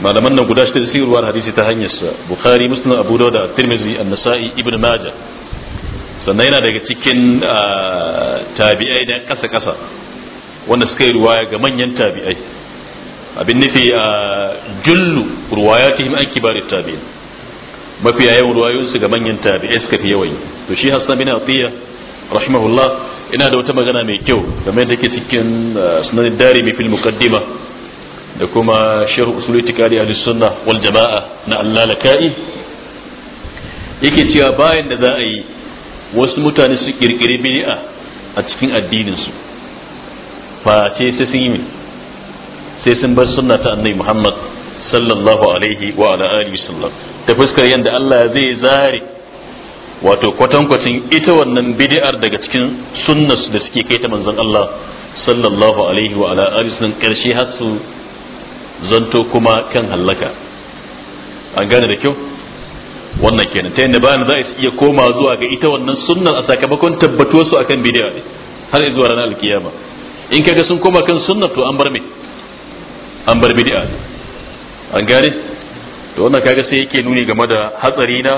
malaman nan guda shida da sirruwar hadisi ta hanyar sa bukhari muslim abu dawud at-tirmidhi an-nasa'i ibn majah sannan yana daga cikin ah, tabi'ai da kasa kasa wanda suka yi ruwaya ga manyan tabi'ai abin nufi a ah, jullu ruwayatihim an kibarit tabi'in mafiya yawan ruwayoyinsu ga manyan tabi'ai suka fi yawan to shi hassan bin atiya rahimahullah ina da wata magana mai kyau game da ke cikin uh, sunan dari mai fil muqaddima da kuma sharh usul itikadi ahlus sunna wal jamaa na allalaka'i yake cewa bayan da za a yi wasu mutane su kirkiri bid'a a cikin addinin su face sai sun yi sai sun bar sunna ta annabi Muhammad sallallahu alaihi wa ala alihi sallam ta fuskar yanda Allah zai zare wato kwatankwacin ita wannan bid'ar daga cikin sunnas da suke kai ta manzon Allah sallallahu alaihi wa ala alihi sun karshe har su zanto kuma kan hallaka an gane da kyau wannan kenan ta yadda bayan za su iya koma zuwa ga ita wannan sunnar a sakamakon tabbatuwar su akan bid'a ne har zuwa ranar alkiyama in kaga sun koma kan sunnar to an bar me an bar bid'a an gane to wannan kaga sai yake nuni game da hatsari na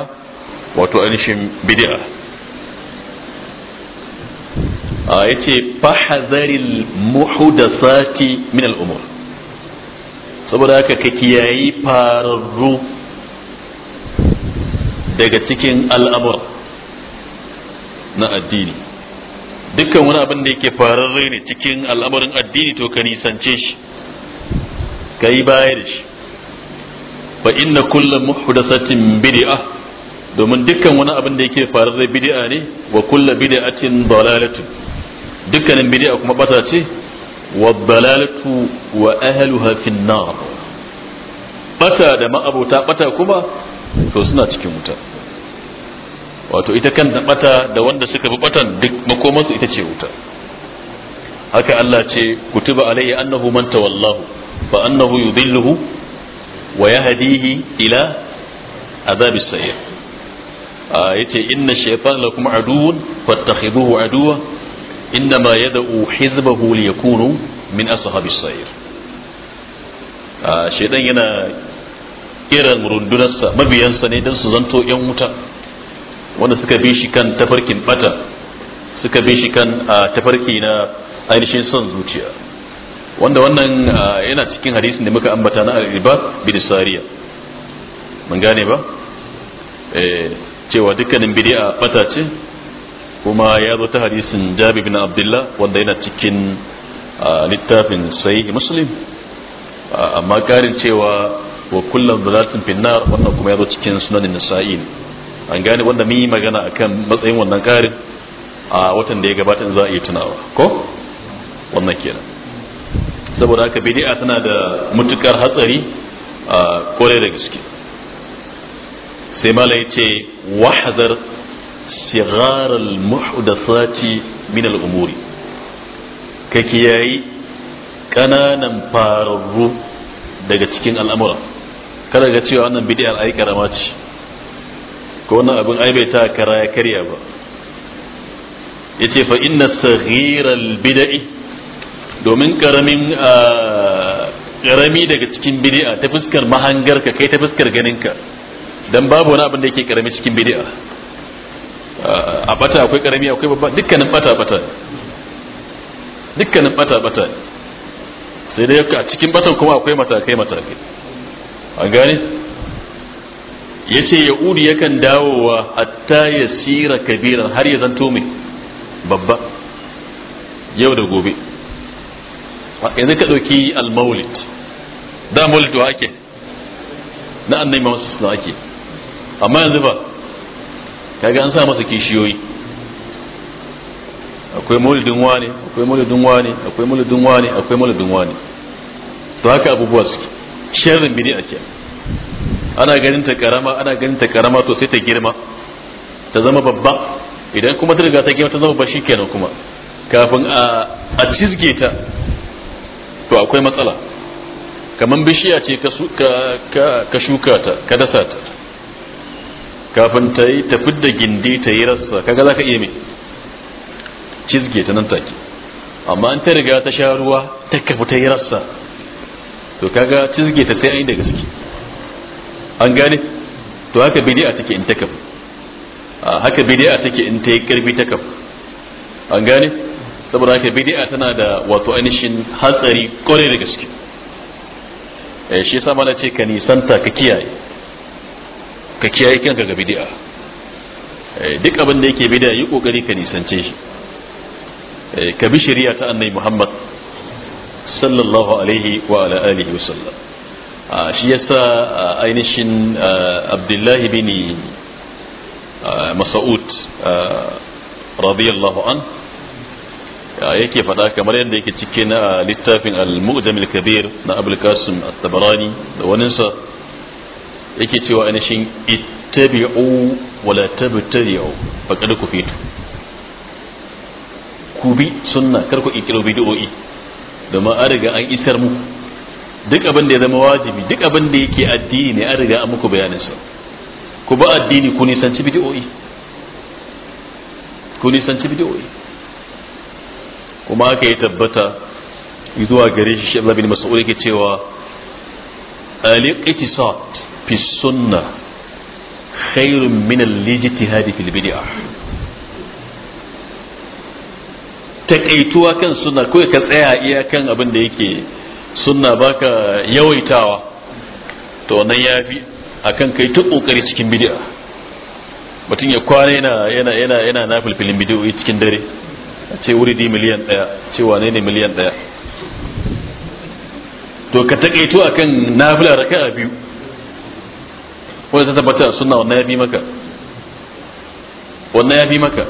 wato ainihin bid'a a yace fahazaril muhdasati min al saboda haka ka kiyayi fararru daga cikin al'amur na addini dukkan wani abin da yake fararre ne cikin al'amarin addini to ka nisance shi ka yi baya da shi fa inna kullum muhdasatin bid'ah domin dukkan wani abin da yake fararre bid'a ne wa kullu bidi'atin dalalatu dukkanin bid'a kuma bata ce wa dalalatu wa ahluha fin nar bata da ma'abota bata kuma to suna cikin wuta wato ita kan da bata da wanda suka bi batan duk su ita ce wuta haka Allah ce kutuba alayhi annahu man tawallahu fa annahu yudhilluhu wa yahdihi ila azabis sayyid yace inna shaytan lakum aduwwun fattakhiduhu aduwwa inna ma yad'u hizbahu liyakunu min ashabis sayr shaytan yana kiran rundunarsa mabiyansa ne don su zanto yan wuta wanda suka bi shi kan tafarkin bata suka bi shi kan tafarki na ainihin son zuciya wanda wannan yana cikin hadisin da muka ambata na al-ibad bin sariya mun gane ba eh cewa dukkanin bid'a bata ce kuma ya zo ta hadisin Jabir bin abdullah wanda yana cikin littafin sai muslim amma karin cewa wa kullum zalatin finnar wannan kuma ya zo cikin sunanin nisa'in an gane wanda mun yi magana akan matsayin wannan karin a watan da ya gabata za a yi tunawa ko wannan kenan saboda haka bid'a tana da mutukar hatsari a kore da gaske sai mala ya ce wahazar shigarar muhdathati min al'umuri ka kiyayi ƙananan fararru daga cikin al'amura kada ga cewa wannan bidiyar ai karama ce ko wannan abin ai bai ta kara ya karya ba ya ce fa inna saghirar bida'i domin karamin karami ah, daga cikin bidi'a ta fuskar mahangarka kai ta fuskar ganinka dan babu wani abin da yake karami cikin bid'a a bata akwai karami akwai babba dukkanin bata bata dukkanin bata bata sai dai a cikin batan kuma akwai matakai matakai an gane yace yahudu yakan dawowa hatta yasira kabiran har ya zanto mai babba yau da gobe yanzu ka ɗauki al-maulid da maulid wa ake na annai masu suna ake amma yanzu ba kaga an sa masa kishiyoyi akwai mulidin wani akwai mulidin wani akwai mulidin wani akwai mulidin wani to haka abubuwa suke sharrin a ke ana ganin ta karama ana ganin ta karama to sai ta girma ta zama babba idan kuma ta riga ta girma ta zama babba shikenan kuma kafin a cizge ta to akwai matsala kamar bishiya ce ka shuka ta ka dasa ta kafin ta yi ta fidda gindi ta yi rassa kaga za ka iya mai cizge ta nan take amma an ta riga ta sha ruwa ta kafa ta yi rassa to kaga cizge ta sai an yi da gaske an gane to haka bidi'a take in ta kafa haka bidi'a take in ta yi karbi ta kafa an gane saboda haka bidi'a tana da wato ainihin hatsari kwarai da gaske eh, shi yasa mana ce ka nisanta ka kiyaye ka kiyaye kanka ga bid'a eh, duk abin da yake bid'a yi kokari ka nisance shi eh, ka bi shari'a ta annabi Muhammad sallallahu alaihi wa ala alihi wa sallam ah, shi yasa ah, ainihin ah, Abdullahi bin Mas'ud radiyallahu an yake faɗa kamar yadda yake cikin littafin al-mu'jam al-kabir na Abul Qasim at-Tabarani da waninsa yake cewa shin ittabi'u wala tabtadi'u faqad kufitu ku bi sunna kar ku kirkiro bid'o'i da ma an riga an isar mu duk abin da ya zama wajibi duk abin da yake addini ne an riga an muku bayanin sa ku ba addini ku nisanci bid'o'i ku nisanci bid'o'i kuma aka yi tabbata zuwa gare shi shi bin mas'ud yake cewa al-iqtisad fi sunna khairun min al-ijtihadi kan sunna ko ka tsaya iya kan abin da yake sunna baka yawaitawa to wannan yafi akan kai ta kokari cikin mutum ya kwana yana yana yana yana na filfilin cikin dare a ce wuri di miliyan daya ce wane ne miliyan daya to ka takaito akan nafila a biyu wanda ta tabbata sunna wannan ya maka wannan ya maka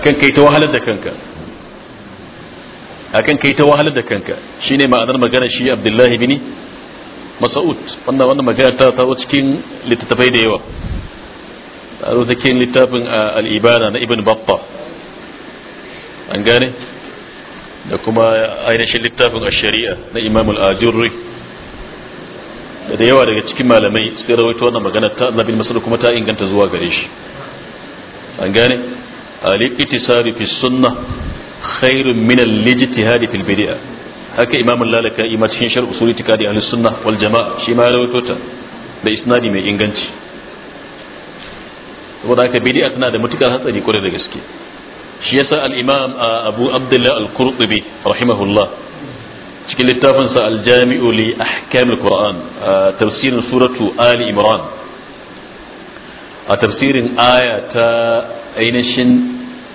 akan kai ta wahalar da kanka akan kai ta wahalar da kanka shine ma'anar magana shi Abdullahi bin Mas'ud wannan wannan magana ta ta cikin littattafai da yawa a cikin littafin al-Ibana na Ibn Battah an gane da kuma ainihin littafin ash-Shari'a na Imam al-Ajurri da yawa daga cikin malamai sai rawaito wannan magana ta Allah bin Mas'ud kuma ta inganta zuwa gare shi an gane al ittisari fi sunnah khairun min al-ijtihad al bid'ah haka Imam al-Lalaka ima cikin shar usul itikadi ahlus sunnah wal jamaa shi ma rawaito ta da isnadi mai inganci saboda haka bid'ah tana da mutukar hatsari kwarai da gaske shi yasa al-Imam uh, Abu Abdullah al-Qurtubi rahimahullah cikin littafin sa al-jami'u li ahkam al tafsirin suratu Ali Imran a tafsirin aya ta ainihin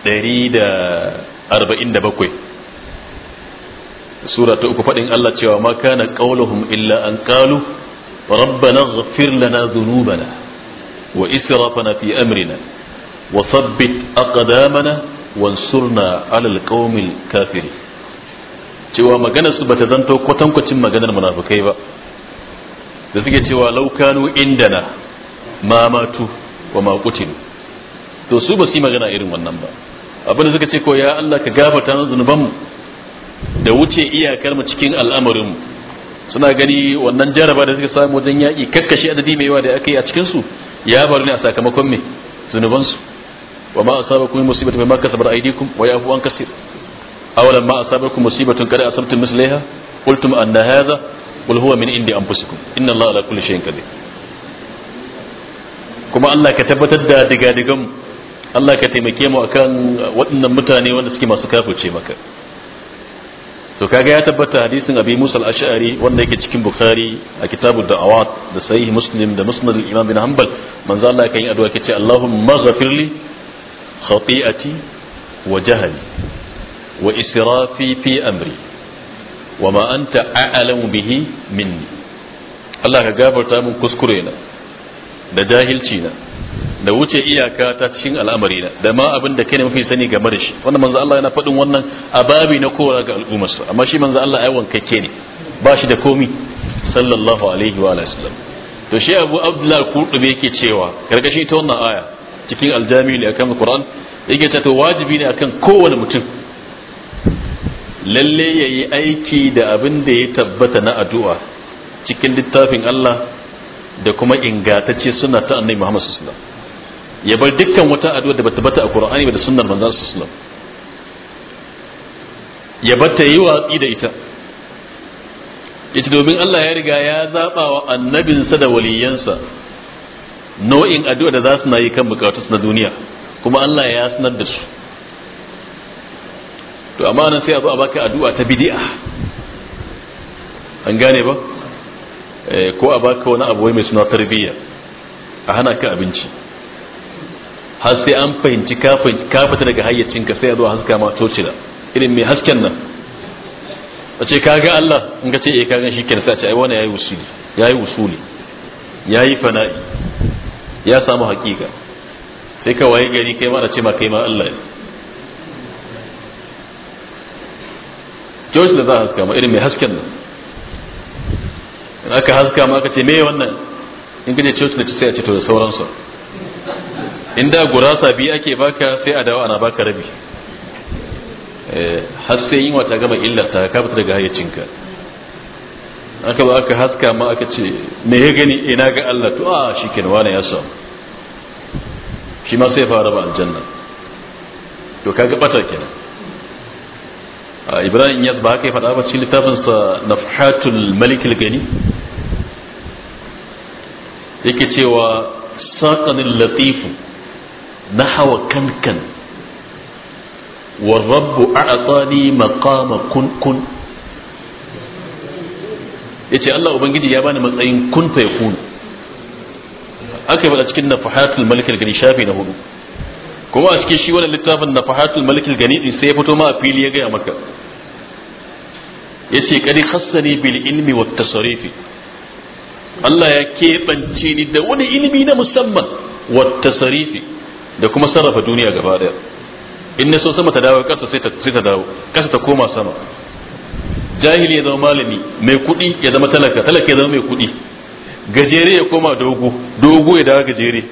147 sura ta uku faɗin Allah cewa ma kana qauluhum illa an qalu rabbana ighfir lana dhunubana wa israfana fi amrina wa thabbit aqdamana wansurna 'ala alqawmil kafirin cewa maganar su bata zanto kwatankwacin maganar munafikai ba da suke cewa laukanu indana ma matu wa ma to su ba su magana irin wannan ba abin da suka ce ko ya Allah ka gafarta mana zunubanmu da wuce iyakar mu cikin al'amarin mu suna gani wannan jaraba da suka samu wajen yaki kakkashi adadi mai yawa da aka yi a cikin su ya faru ne a sakamakon me zunubansu wa ma asabakum musibatu bima kasabar aydikum wa yafu an kasir awalan ma asabakum musibatun kada asabtum mislaiha qultum anna hadha qul huwa min indi anfusikum inna allaha ala kulli shay'in qadir kuma Allah ka tabbatar da digadigan Allah ka taimake mu akan waɗannan mutane wanda suke masu kafirce maka to kaga ya tabbata hadisin abi musa al-ash'ari wanda yake cikin bukhari a kitabu da'awat da sahih muslim da musnad al-imam bin hanbal manzo Allah kan yi addu'a kace allahumma ghafirli khati'ati wa jahli wa israfi fi amri wa ma anta a'lamu bihi minni Allah ka gafarta min kuskure na da jahilci na da wuce iyaka ta cikin al'amari na da ma abinda da kai ne mafi sani game da shi wannan manzo Allah yana faɗin wannan a babi na kowa ga al'ummarsa amma shi manzo Allah ai wankakke ne ba shi da komi sallallahu alaihi wa sallam to shi Abu Abdullah Qurtubi yake cewa karkashin ita wannan aya cikin aljami ne akan Qur'an yake cewa to wajibi ne akan kowane mutum lalle ya yi aiki da abin da ya tabbata na addu'a cikin littafin Allah da kuma ingatacce suna ta annai Muhammad Sussulam ya bar dukkan wata addu'a da bata bata a Kur'ani ba da sunan manzan Sussulam ya bata yi watsi da ita ita domin Allah ya riga ya zaɓa wa annabinsa da waliyansa nau'in addu'a da za su na yi kan bukatu na duniya kuma Allah ya sanar da su to amma nan sai a zo a baka addu'a ta bid'a an gane ba eh, ko a baka wani abu mai suna tarbiyya a hana ka abinci har sai an fahimci ka fita daga hayyacinka sai a zo a haska ma tocila irin mai hasken nan a ce ka ga Allah in ka ce eh ka gan shi kenan sai a ce ai wani yayi usuli yayi usuli yayi fana'i ya samu hakika sai ka waye gari kai ma da ce ma kai ma Allah ya. kyau da za a haska ma irin mai hasken nan in aka haska ma aka ce me wannan in gaje church da sai a ce to da sauransu in da gurasa biyu ake baka sai a dawo ana baka rabi eh, har sai yin wata gama illar ta ka fita daga hayyacinka aka ba aka haska ma aka ce me ya gani ina eh, ga Allah to a ah, shikin wani ya samu shi ma sai fara ba aljanna to kaga bata kenan Uh, ibrahim yas ba haka ya faɗa ba cikin littafinsa nafhatul malik gani yake cewa saƙanin latifu na hawa kankan wa rabbu a tsani makama kun ya ce allah ubangiji ya bani matsayin kun ya kun aka yi faɗa cikin nafahatul malik gani shafi na hudu kuma a cikin shi wannan littafin na fahatul malikul din sai ya fito ma a fili ya gaya maka ya ce kadi hassani bil ilmi wa tasarifi Allah ya keɓance ni da wani ilmi na musamman wa tasarifi da kuma sarrafa duniya gaba daya in na so sama ta dawo kasa sai ta sai ta dawo kasa ta koma sama jahili ya zama malami mai kuɗi ya zama talaka talaka ya zama mai kuɗi gajere ya koma dogo dogo ya dawo gajere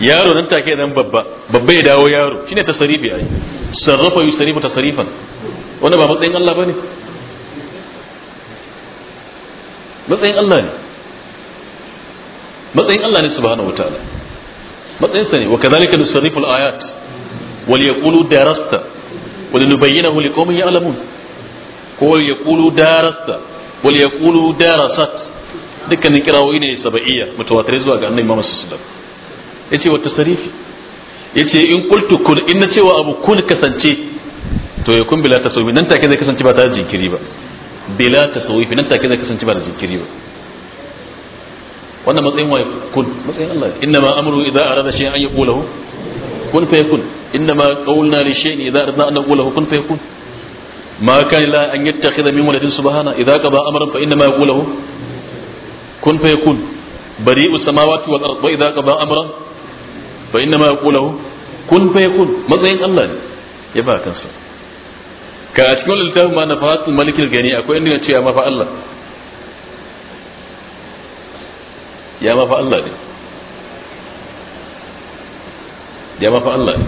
yaro nan take nan babba babba ya dawo yaro shine tasarifi ai sarrafa yusarifu tasarifan wanda ba matsayin Allah bane matsayin Allah ne matsayin Allah ne subhanahu wataala matsayin sa ne wa kadhalika nusarrifu al-ayat wal yaqulu darasta wal nubayyinahu liqaumin ya'lamun ko wal yaqulu darasta wal yaqulu darasat dukkanin kirawoyi ne sab'iyya mutawatirai zuwa ga annabi Muhammad sallallahu alaihi wasallam yace wata sarifi yace in qultu kun in cewa abu kun kasance to ya kun bila tasawuf nan take zai kasance ba ta jinkiri ba bila tasawuf nan take zai kasance ba da jinkiri ba wannan matsayin wai kun matsayin Allah inna ma amru idza arada shay'an an yaqulahu kun fayakun inna ma qawlna li shay'in idza aradna an naqulahu kun fayakun ما كان الله أن يتخذ من ولد سبحانه إذا قضى أمرا فإنما يقول له كن فيكون بريء السماوات والأرض وإذا قضى amran. fa inna ma yaqulahu kun fa yakun matsayin Allah ne ya ba kansa ka a cikin littafin ma nafatul malikil gani akwai inda ya ce ya mafa Allah ya mafa Allah ne ya mafa Allah ne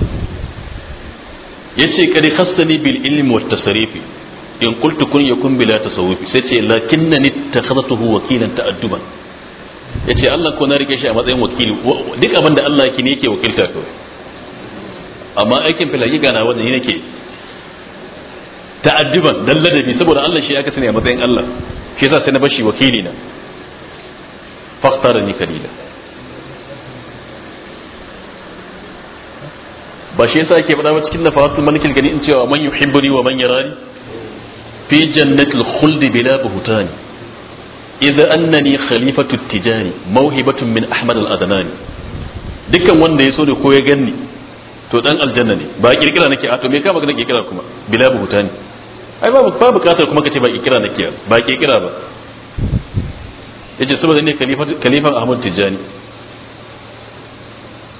yace kad khassani bil ilmi wat tasrifi in qultu kun yakun bila tasawufi sai ce lakinnani ittakhadtuhu wakilan ta'adduban ya ce Allah ko na rike shi a matsayin wakili duk abin da Allah ki ne yake wakilta ko amma aikin filaki gana wannan ne yake ta'addiban dan bi saboda Allah shi aka sani a matsayin Allah shi yasa sai na bashi wakili na fakhtarani kalila ba shi yasa yake faɗa cikin nafatul malikil gani in cewa man yuhibbuni wa man yarani fi jannatil khuldi bila buhtani idan annani khalifatu tijani mawhibatun min ahmad al-adnani dukkan wanda ya so da ko ya ganni to dan aljanna ne ba kirkira nake a to me ka magana kirkira kuma bila buhutani ai babu ba bukatar kuma kace ba kirkira nake ba kirkira ba yace saboda ne khalifan ahmad tijani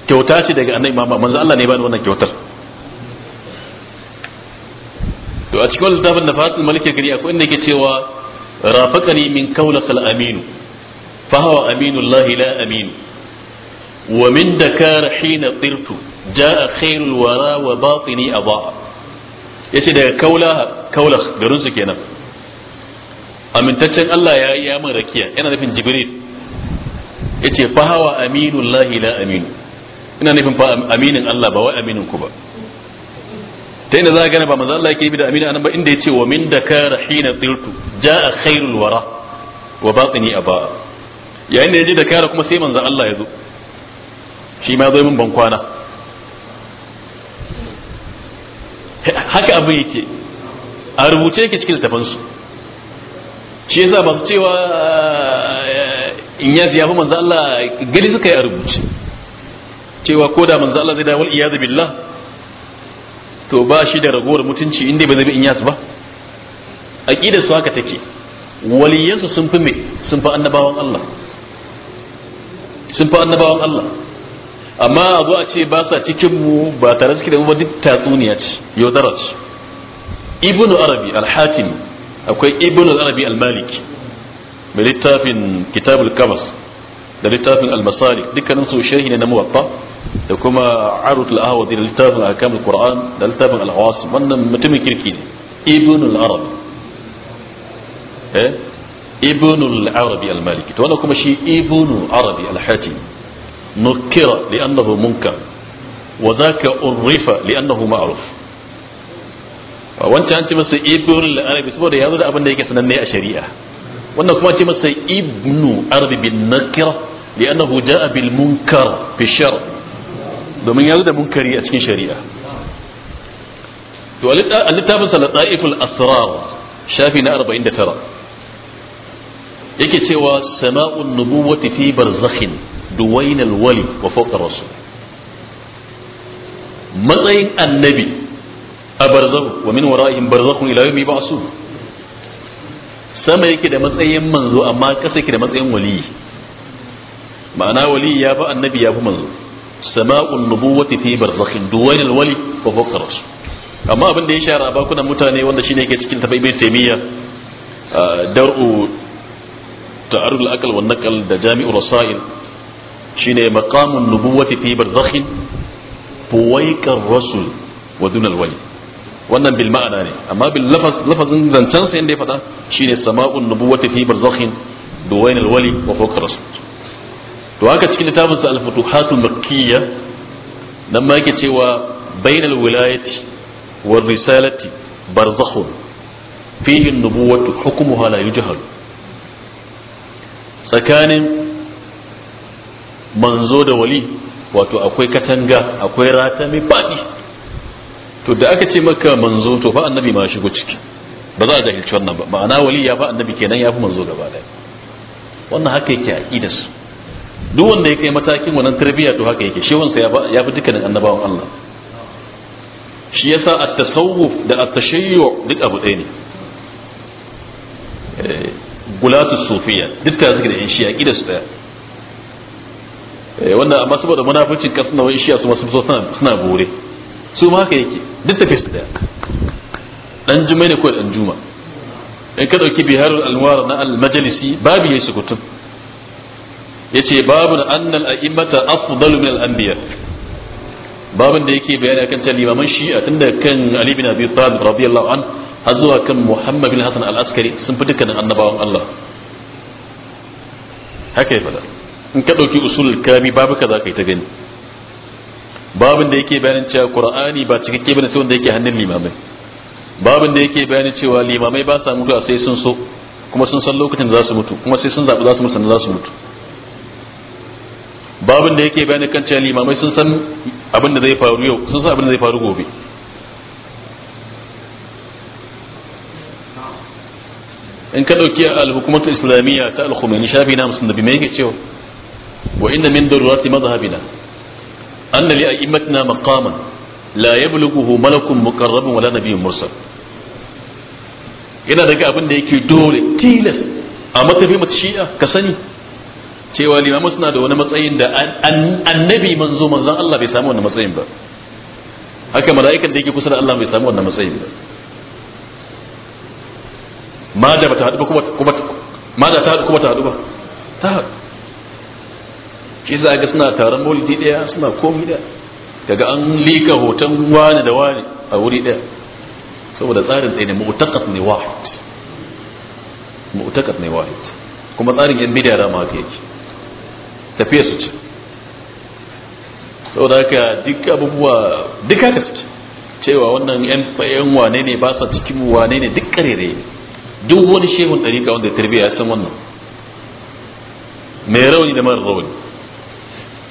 kyauta ce daga annabi imam manzo Allah ne ba da wannan kyautar to a cikin littafin nafatul fatul malik gari akwai inda yake cewa رافقني من كولق الأمين فهو أمين الله لا أمين ومن دكار حين طرت جاء خير الورى وباطني أضاء yace daga kaula kaula garin su kenan amintaccen Allah ya yi min rakiya yana nufin jibril yace fa hawa aminullahi la aminu ina nufin fa aminin Allah ba wai aminin ba ta da za a gane ba maza Allah yake bi da amina anan ba inda ya ce wa min da na hina ja a khairul wara wa a aba yayin da ya da kara kuma sai manzo Allah ya zo shi ma zo min ban kwana haka abin yake a rubuce yake cikin littafin su shi yasa ba su cewa eh, in ya ziyafi manzo Allah gari suka yi a rubuce cewa ko da manzo Allah zai dawo iyad billah to ba shi da ragowar mutunci inda ba zabi in inyas ba aqidar su haka take waliyansu sun fi me sun fi annabawan Allah sun fi annabawan Allah amma a zo a ce ba sa cikin mu ba tare suke da mu ba duk tatsuniya ce yaudara ce ibnu arabi al-hatim akwai ibnu arabi al-maliki mai littafin kitabul kabas da littafin al-masalik dukkanin su sharhi ne na muwatta da kuma arutul ahwadi da littafin akamul qur'an da littafin al-hawasim wannan mutumin kirki ne ibn al arabi eh ibn al arabi al-maliki to wannan kuma shi ibnul arabi al-hatim nukira li'annahu munkar wa zaka urrifa li'annahu ma'ruf wancan an ce masa ibn al arabi saboda ya zo da abin da yake sananne a shari'a wannan kuma ce masa ibnu arabi bin nakira li'annahu ja'a bil munkar fi shar'i domin ya zo da munkari a cikin shari'a to a littafin sa lata'iful asrar shafi na 49 yake cewa sama'un nubuwati fi barzakhin duwainal wali wa fawqa rasul matsayin annabi a barzakh wa min wara'ihim barzakhun ila yawmi ba'su sama yake da matsayin manzo amma kasa yake da matsayin wali ma'ana wali ya fi annabi ya fi manzo sama'un nubuwati fi barzakhin duwain alwali wa fawqa rasul amma abin da ya shara bakunan mutane wanda shine yake cikin tabi'in taymiya dar'u ta'arul akal wan naqal da jami'u rasail shine maqamun nubuwati fi barzakhin buwaikar rasul wa dun alwali wannan bil ma'ana ne amma bil lafaz lafazin zancen sa inda ya faɗa shine sama'un nubuwati to haka cikin littafin sa al-futuhatul makkiyya nan ma yake cewa bainal wilayati war risalati barzakhun fihi an-nubuwatu hukmuha la yujhal tsakanin manzo da wali wato akwai katanga akwai rata mai faɗi to da aka ce maka manzo to fa annabi ma shigo ciki ba za a jahilci wannan ba ma'ana wali ya fa annabi kenan ya fi manzo gaba ɗaya wannan haka yake aƙidar su duk wanda ya kai matakin wannan tarbiyya to haka yake wansa ya fi dukkanin annabawan Allah shi yasa at-tasawuf da at-tashayyu duk abu ɗaya ne eh, gulatu sufiya duk ta suke da yan shiya kida su daya eh, wannan amma saboda munafincin kasu na wani shiya su masu suna suna gore su ma haka yake duk tafi su daya dan juma'a ne ko dan juma in ka dauki biharul alwar na al-majlisi babu yayi sukutun yace babun annal a'immata afdalu min al-anbiya babun da yake bayani akan cewa limaman shi'a tunda kan Ali bin Abi Talib radiyallahu an har zuwa kan Muhammad bin Hassan al-Askari sun fi dukkanin annabawan Allah haka ya fada in ka dauki usul kami babu ka za ka yi ta gani babu da yake bayanin cewa qur'ani ba cikakke bane sai wanda yake hannun limamai babu da yake bayanin cewa limamai ba sa mutuwa sai sun so kuma sun san lokacin da za su mutu kuma sai sun zaɓi za su mutu sannan za su mutu babin da yake bayani kan cewa limamai sun san abin da zai faru yau sun san abin da zai faru gobe in ka dauki al-hukumatu islamiyya ta al-khumaini shafi na musulmi bi me yake cewa wa inna min darurati madhhabina anna li a'immatina maqaman la yablughuhu malakun muqarrabun wala nabiyyun mursal yana daga abin da yake dole tilas a matafi mata shi'a ka sani cewa limamu suna da wani matsayin da annabi manzo manzon Allah bai samu wannan matsayin ba haka mala'ikan da yake kusa da Allah bai samu wannan matsayin ba ma da bata haɗu ba kuma ma da ta hadu kuma ta hadu ba ta haɗu za ga suna taron maulidi ɗaya suna komi ɗaya kaga an lika hoton wani da wani a wuri ɗaya saboda tsarin ɗaya ne mu'taqat ne wahid mu'taqat ne wahid kuma tsarin yan bidiyar ma haka yake tafiya su ce da haka duk abubuwa duk haka suke cewa wannan yan wane ne ba sa cikin wane ne duk karere ne duk wani shehun ɗariƙa wanda tarbiya ya san wannan mai rauni da mara rauni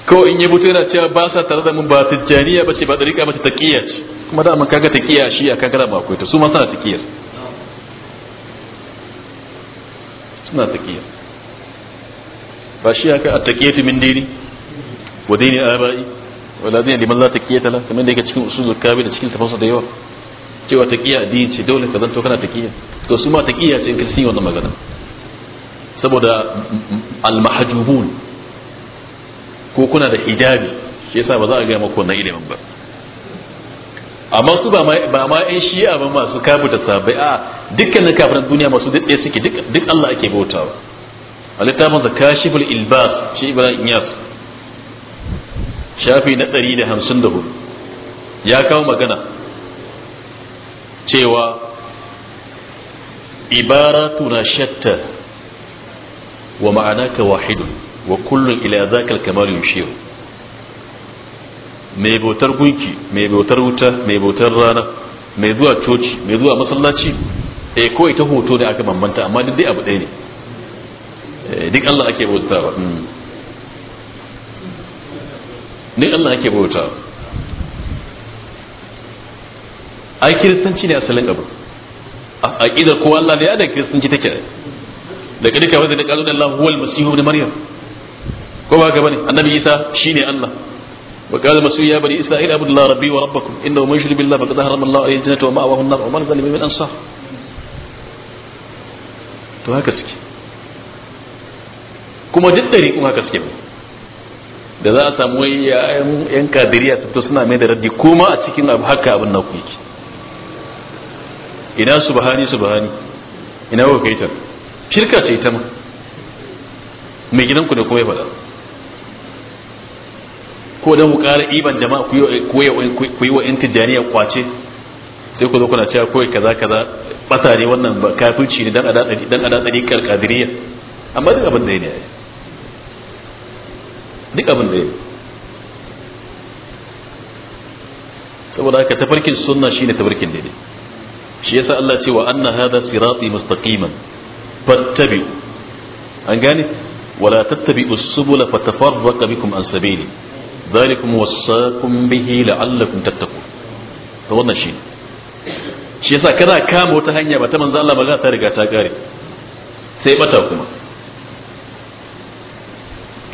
ko in yi buta yana cewa ba sa tare da mun ba tijjaniya ba ce ba ɗariƙa ba ta taƙiyya ce kuma da kaga taƙiyya shi a kankara ba akwai ta su ma suna taƙiyya suna taƙiyya ba shi haka at-taqiyatu min dini wa dini abai wala dini liman la taqiyata la kamar da yake cikin usulul kabi da cikin tafsir da yawa cewa taqiya addini ce dole ka zanto kana taqiya to su ma taqiya ce in ka sani wannan magana saboda al-mahjubun ko kuna da hijabi shi yasa ba za a ga maka wannan ilimin ba amma su ba ma shi shi'a ba masu kabuta sabai a dukkanin kafiran duniya masu dade suke duk Allah ake bautawa a littafin zakashiful ilbas shi ibrahim yas shafi na 154 ya kawo magana cewa Ibaratu na shatta wa ma'anaka wahidun wa kullun ila zakal kamar yushiru mai bautar gunki mai bautar wuta mai bautar rana mai zuwa coci mai zuwa masallaci e ko ita hoto da aka bambanta amma duk dai abu ɗaya ne Eh, duk Allah ake bautawa hmm. duk Allah ake bautawa ai kiristanci ne asalin abu a ƙidar kowa Allah ya da kiristanci take wanda da kazo da Allah huwal masihu ibn maryam ko ba ka bane annabi isa shine Allah wa qala ya bani allah rabbi wa rabbakum innahu man yushrik billahi faqad harama allah alayhi jannata wa an-nar wa man zalima min ansar to haka suke kuma duk ɗariƙun haka suke da za a samu yan kadiriya su fito suna mai da raddi kuma a cikin abu haka abin na yake ina subhani subhani ina wa kaitar shirka ce ita ma mai gidanku da kuma ya faɗa ko don ku ƙara iban jama'a ku yi wa yan tijjaniya kwace sai ku zo kuna cewa kawai kaza kaza ɓata ne wannan ba kafirci ne dan a dan a dan kadiriya amma duk abin da ne duk abin da ya yi saboda haka tafarkin sunna shine tafarkin daidai shi yasa Allah ce wa anna hadha sirati mustaqiman fattabi'u an gane wala tattabi'u subula fatafarraqa bikum an sabili dhalikum wasaqakum bihi la'allakum tattaqun to wannan shi shi yasa kada kama wata hanya ba ta manzo Allah ba za ta riga ta kare sai bata kuma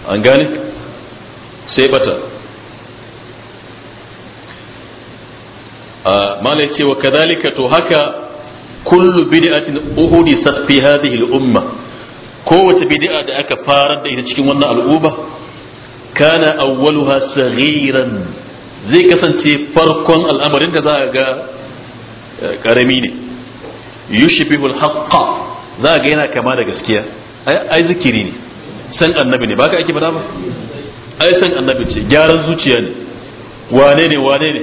an gane sai bata ah, malai ce wa kadhalika to haka kullu bid'atin uhudisat fi hadhihi al-umma kowace bid'a da aka farar da ita cikin wannan al'umma kana awwaluha saghiran zai kasance farkon al'amarin da za ga eh, karami ne yushbihul haqqa za ga yana kama da gaskiya ai zikiri ne san annabi ne baka ake faɗa ba ai san annabi ce gyaran zuciya ne wane ne wane ne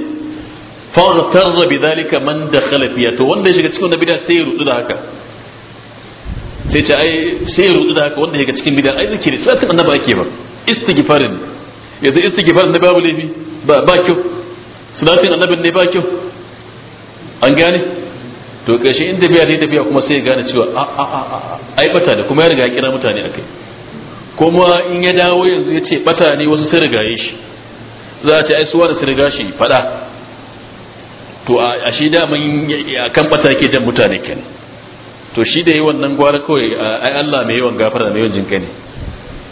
fa'tarra bi zalika man dakhala fiya to wanda ya shiga cikin wannan da sai ya rudu da haka sai ce ai sai ya rudu da haka wanda ya shiga cikin bid'a ai zikiri sai san annabi ake ba istighfarin yanzu istighfarin da babu laifi ba ba kyau salatin annabin ne ba kyau an gane to kashi inda biya ta tafiya kuma sai ya gane cewa a a a ai bata da kuma ya riga ya kira mutane akai kuma in ya dawo yanzu ya ce bata ne wasu sun rigaye shi za a ce ai suwa da sun riga shi fada to a shi daman a kan bata ke jan mutane ken to shi da yi wannan gwara kawai ai Allah mai yawan gafara mai yawan jinka ne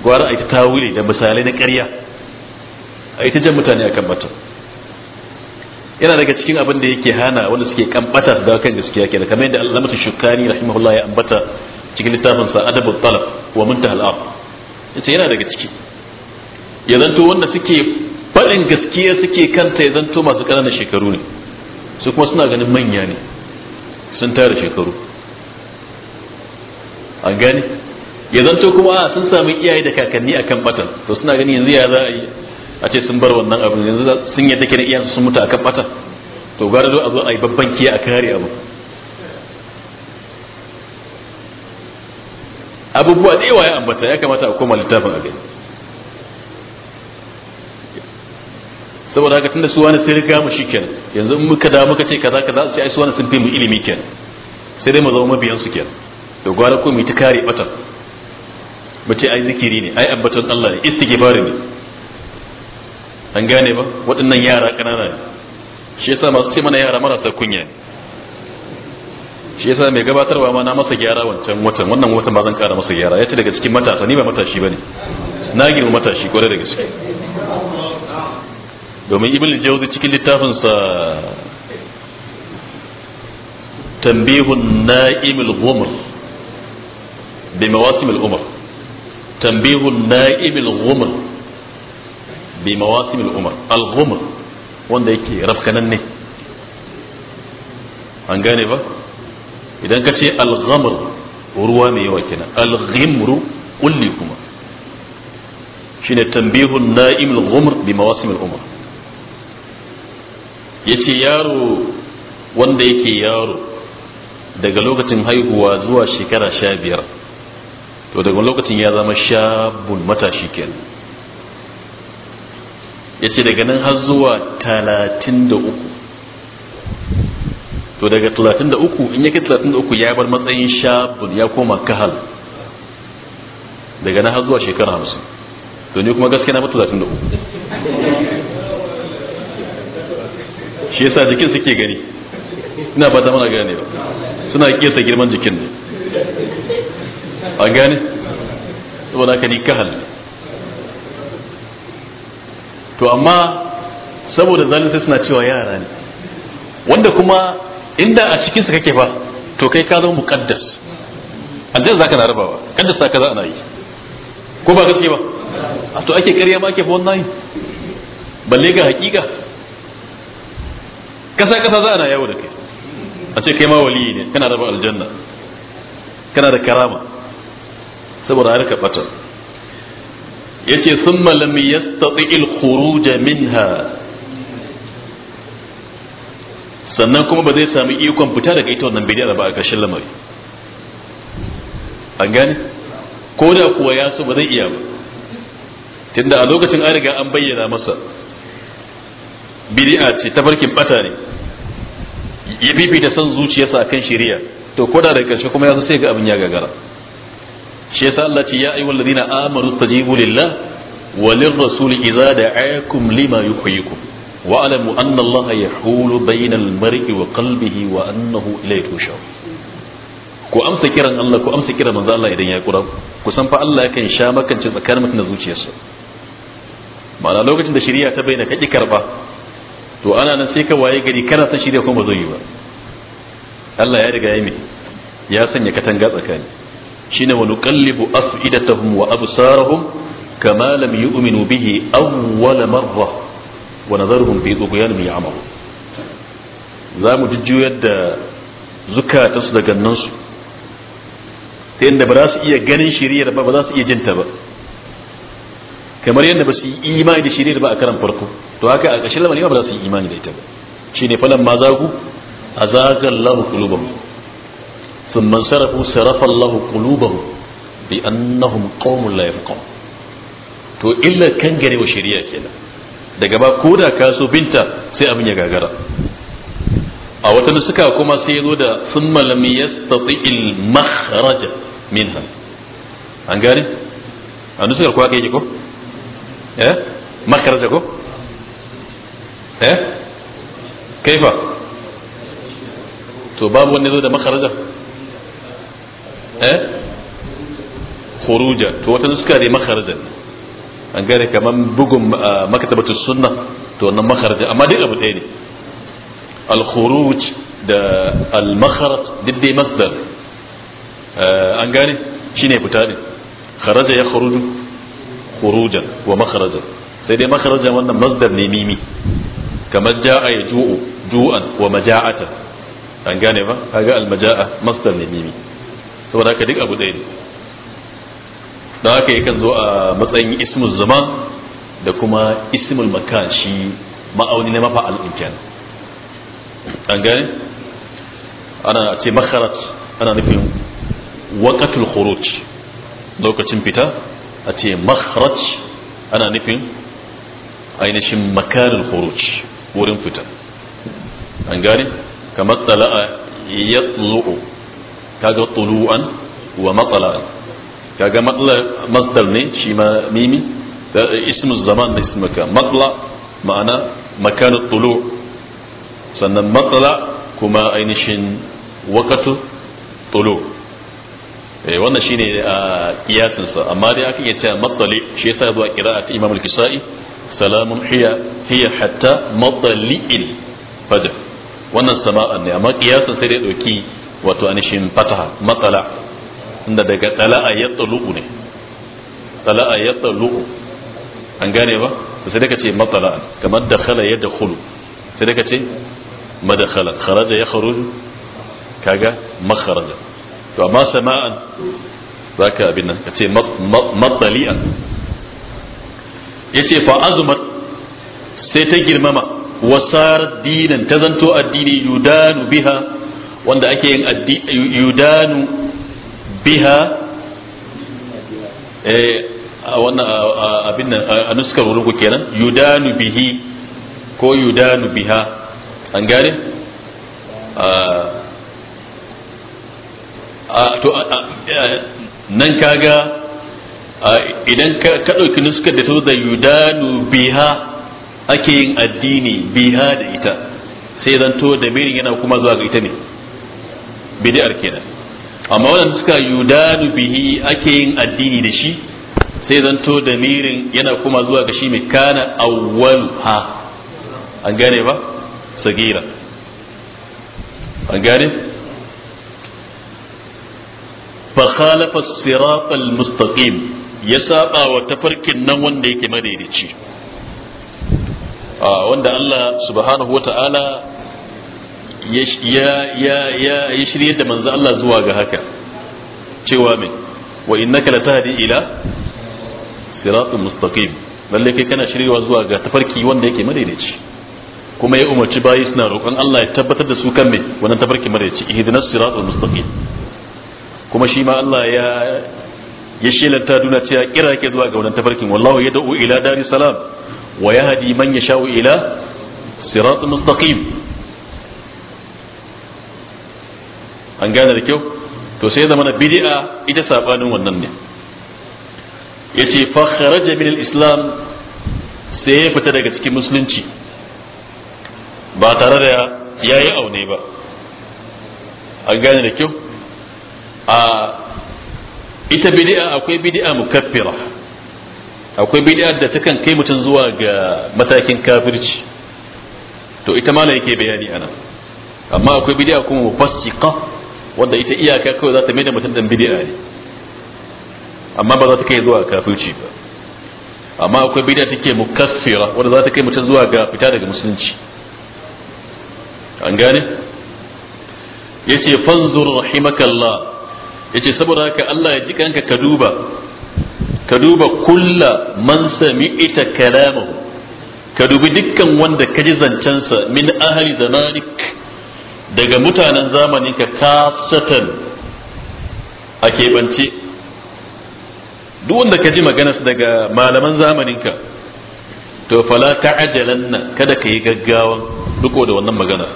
gwara a ita tawili da misalai na ƙarya a ita jan mutane akan bata yana daga cikin abin da yake hana wanda suke kan bata su kan gaskiya kenan kamar yadda Allah mutu shukani rahimahullah ya ambata cikin littafin sa adabul talab wa muntahal ard ita yana daga ciki ya zanto wanda suke faɗin gaskiya suke kanta ya zanto masu ƙananan shekaru ne su kuma suna ganin manya ne sun tara shekaru an gane ya zanto kuma ah, sun sami iyaye da kakanni akan batan to suna gani yanzu ya za a yi a ce sun bar wannan abin yanzu sun yadda kenan iyansu sun mutu akan batan to gara zo a zo a yi babban kiya a kare abu abubuwa da yawa ya ambata ya kamata a koma littafin a saboda haka tunda su wani sai riga mu shikenan yanzu in muka da muka ce kaza kaza sai ai su wani sun fi mu ilimi kenan sai dai mu zama mabiyan su kenan to gwara ko mu ta kare batan mu ce ai zikiri ne ai ambaton Allah ne istighfar ne an gane ba waɗannan yara ƙanana ne shi yasa masu ce mana yara marasa kunya ne shi yasa mai gabatarwa ma na masa gyara wancan watan wannan watan ba zan kara masa gyara ya ce daga cikin matasa ni ba matashi bane na gina matashi kwarai da gaske domin ibn jawzi cikin littafin sa tanbihun na'imul ghumr bi mawasimil umr tanbihun na'imul ghumr bi mawasimil umr al ghumr wanda yake rafkanan ne an gane ba idan ka ce al ruwa mai yawa kenan al kulli kuma shine tambihun na'im al-ghumr bi mawasim umr yace yaro wanda yake yaro daga lokacin haihuwa zuwa shekara sha biyar to daga lokacin ya zama shabun matashi kenan yace daga nan har zuwa talatin da uku to daga 33 in yake 33 ya bar matsayin shabun ya koma kahal daga na har zuwa shekara 50 to ne kuma gaskiya na mutu 33 shi yasa jikin suke gani ina ba ta mana gane ba suna kiyasa girman jikin ne a gane saboda ka ni kahal ne to amma saboda zalunta suna cewa yara ne wanda kuma inda a cikin su kake fa to kai ka zama muqaddas aljanna zaka na rabawa kaddas ka za ana yi ko ba gaske ba a to ake ƙarya ma ake fa wannan balle ga hakika kasa kasa za ana yawo da kai a ce kai ma wali ne kana raba aljanna kana da karama saboda harka fata yace summa lam yastati al khuruj minha sannan kuma ba zai sami ikon fita daga ita wannan bidiyar ba a ƙarshen lamari an gane ko da kuwa ya so ba zai iya ba tunda a lokacin an riga an bayyana masa bid'a ce ta farkin bata ne ya fifita son zuciyarsa kan shari'a to ko da daga ƙarshe kuma ya so sai ga abin ya gagara shi yasa Allah ce ya ayyuhal ladina amaru tajibu lillah walin rasuli idza da'akum lima yuhyikum wa'alamu anna Allah ya hulu bainal mar'i wa qalbihi wa annahu ku amsa kiran Allah ku amsa kiran manzo Allah idan ya kura ku san fa Allah yakan sha makance tsakanin mutum da zuciyarsa ma'ana lokacin da shari'a ta bayyana kaki karba to ana nan sai ka waye gari kana san shari'a kuma ba zai yi ba Allah ya riga ya mi ya sanya katanga tsakani shine wa nuqallibu af'idatahum wa absarahum kama lam yu'minu bihi awwala marrah wa nazaruhum fi tughyanihim ya'mal za mu jujjuyar da zukatansu da gannansu ta yadda ba za su iya ganin shiriyar ba ba za su iya jinta ba kamar yadda ba su yi imani da shiriyar ba a karan farko to haka a ƙarshen lamarin ba za su yi imani da ita ba shine falan ma zagu a zagar lahu kulubahum sun man sarafu sarafan lahu kulubahum bi annahum qawmun la yafqahun to illa kan gare wa shari'a kenan daga ba ko da ka so binta sai abin ya gagara a wata suka kuma sai zo da sun malami ya stati'il makharaja minha an gane a nusuka kuwa kai ko eh makharaja ko eh kaifa to babu wanda zo da makharaja eh khuruja to wata nusuka dai makharaja ne an gane kaman bugun ah, makatabatu sunna to wannan makharaja amma dai abu ɗaya ne al-khuruj da al-makharaj duk dai masdar ah, an gane shine fita ne kharaja ya khuruju khurujan wa makharaja sai dai makharaja wannan masdar ne mimi kamar ja'a ya ju'u ju'an wa maja'atan an gane ba kaga al-maja'a masdar ne mimi saboda haka duk abu ɗaya ne don haka yakan zo a matsayin ismul zaman da kuma ismul makan shi ma'auni na mafa al'inken an gane ana ce makharat ana nufin waqatul khuruj lokacin fita a ce makharat ana nufin ainihin makarul khuruj wurin fita an gane kamar tsala'a ya tsulu'u kaga tsulu'an wa matsala'an kaga matla masdar ne shi ma mimi ismu zaman da ismu ka ma'ana makan tulu sannan matla kuma ainihin wakatu tulu eh wannan shine a kiyasinsa amma dai aka iya cewa matali shi yasa zuwa qira'at imam al-kisai salamun hiya hiya hatta matali'il wannan sama'an ne amma kiyasin sai dai ɗauki wato ainihin fataha matsala inda daga tala'a ya tsalu'u ne tala'a ya tsalu'u an gane ba sai daga ce matsala kamar da khala ya da khulu sai daga ce madakhala kharaja ya kharuju kaga makharaja to amma sama'an zaka abin nan kace matsali'an yace fa azumat sai ta girmama wasar dinan ta zanto addini yudanu biha wanda ake yin addini, yudanu biha eh, a wannan abin nan a nuskar ruku kenan yudanu bihi ko yudanu biha an gane to nan kaga idan ka ɗauki nuskar da ta da yudanu biha ake yin addini biha da ita sai zanto da birin yana kuma zuwa ga ita ne bidiyar kenan amma waɗanda suka yudanu bihi ake yin addini da shi sai zanto da mirin yana kuma zuwa ga shi mai kana awwal ha an gane ba sagira an gane fa khalafa sirat al-mustaqim ya saba wa tafarkin nan wanda yake madaidaici ah, wanda Allah subhanahu ta'ala. ya shirye da manzo Allah zuwa ga haka cewa mai wa innaka latahdi ila siratul mustaqim lalle kai kana shiryewa zuwa ga tafarki wanda yake madaidaici kuma ya umarci bayi suna roƙon Allah ya tabbatar da su kan mai wannan tafarki madaidaici ihdinas siratul mustaqim kuma shi ma Allah ya ya shelanta duna cewa kira yake zuwa ga wannan tafarkin wallahu yad'u ila dari salam wa yahdi man yasha'u ila siratul mustaqim an gane da kyau to sai zama na bid'a ita sabanin wannan ne yace fa kharaja min islam sai ya fita daga cikin musulunci ba tare da yayi aune ba an gane da kyau a ita bid'a akwai bid'a mukaffira akwai bid'a da takan kai mutum zuwa ga matakin kafirci to ita ma yake bayani ana amma akwai bidi'a kuma mu mufassiqa wanda ita iyaka kawai za ta mai da mutum dan bid'a ne amma ba za ta kai zuwa kafirci ba amma akwai bid'a take mukaffira wanda za ta kai mutum zuwa ga fita daga musulunci an gane yace fanzur rahimakallah yace saboda haka Allah ya ji kanka ka duba ka duba kulla man sami'ita kalamahu ka dubi dukkan wanda ka ji zancensa min ahli zamanik daga mutanen zamani ka kasatan a keɓance duk wanda ka ji maganas daga malaman zamaninka to fala ta'ajalanna kada ka yi gaggawan duko da wannan magana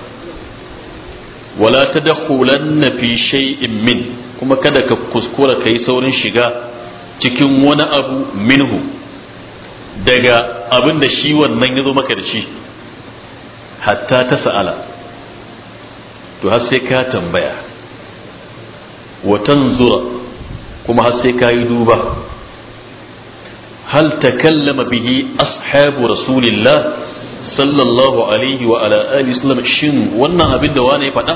wala ta na fi shay'in min kuma kada ka kuskura ka yi saurin shiga cikin wani abu minhu daga abin da shi wannan ya zo maka da shi hatta ta sa'ala to har sai ka tambaya watan zura kuma har sai ka yi duba hal takallama bihi ashabu rasulillah sallallahu alaihi wa ala alihi wasallam shin wannan abin da wani ya faɗa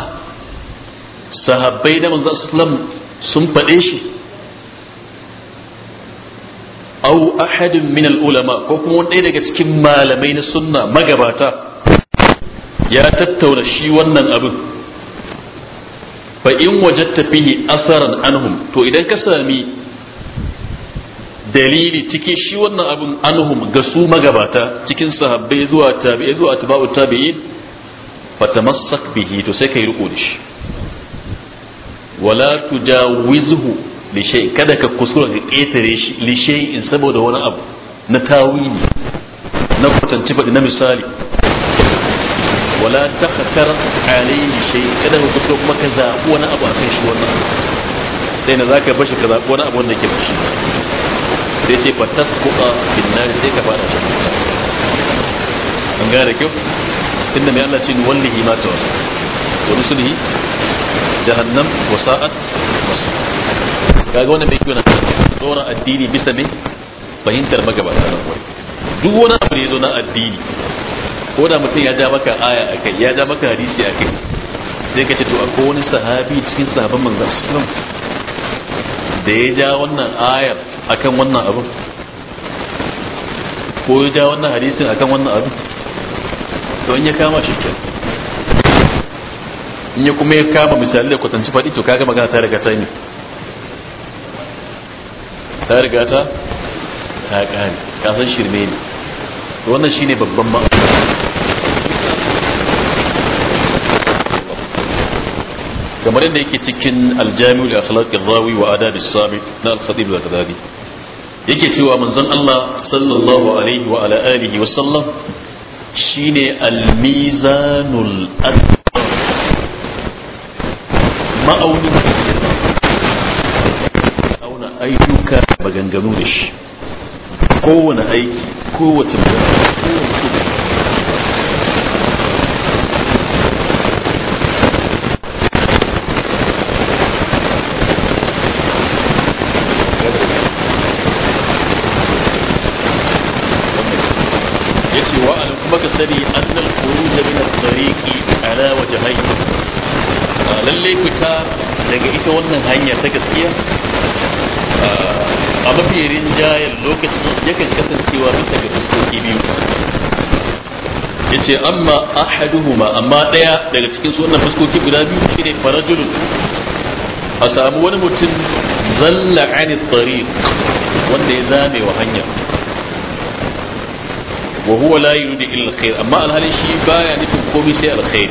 sahabbai da manzo sallam sun faɗe shi au ahadin min ulama ko kuma wani daga cikin malamai na sunna magabata ya tattauna shi wannan abin fa in wajatta fihi asaran anhum to idan ka sami dalili cikin shi wannan abin anhum ga su magabata cikin sahabbai zuwa tabi'i zuwa tabi'u tabi'in tamassak bihi to sai kai riko da shi wala tujawizuhu li shay kada ka kusura ka ketare shi li in saboda wani abu na tawili na kwatanci na misali wala takhtar alayhi shay kada ku kusa kuma ka zaɓi wani abu akan shi wannan sai na zaka bashi ka zaɓi wani abu wanda yake bashi sai ce fa tasbuqa bin nar sai ka fara shi an ga da kyau inda mai Allah ce ni wallahi ma wani wa nusulihi jahannam wa sa'at kaga wannan mai kyau na tsoron addini bisa ne fahimtar magabata na kwai duk wani abu ne zo na addini ko da mutum ya ja maka aya kai, ya ja maka hadisi a kai, sai ka ce to akwai wani sahabi cikin sahabban manzon sallam da ya ja wannan ayar akan wannan abu ko ya ja wannan hadisin akan wannan abu to in ya kama shi ke in ya kuma ya kama misali da kwatanci faɗi to kaga magana ta riga ta ne ta riga ta ta ka kasan shirme ne wannan shine babban ma'ana kamar yadda yake cikin aljami da akhlaqir rawi wa adabis sami na al-khatib da kadari yake cewa manzon Allah sallallahu alaihi wa ala alihi wa sallam shine al-mizanul akbar ma'auni auna ayyuka maganganu da shi kowane aiki kowace kowace ya fita daga ita wannan hanya ta gaskiya uh, a mafi rinjayen lokaci yakan kasancewa bisa ga fuskoki biyu yace amma ahaduhuma amma daya daga cikin su wannan fuskoki guda biyu shine farajul a samu wani mutum zalla ani tariq wanda ya zame wa hanya wa huwa la yuridu illa khair amma alhali shi baya nufin komai sai alkhair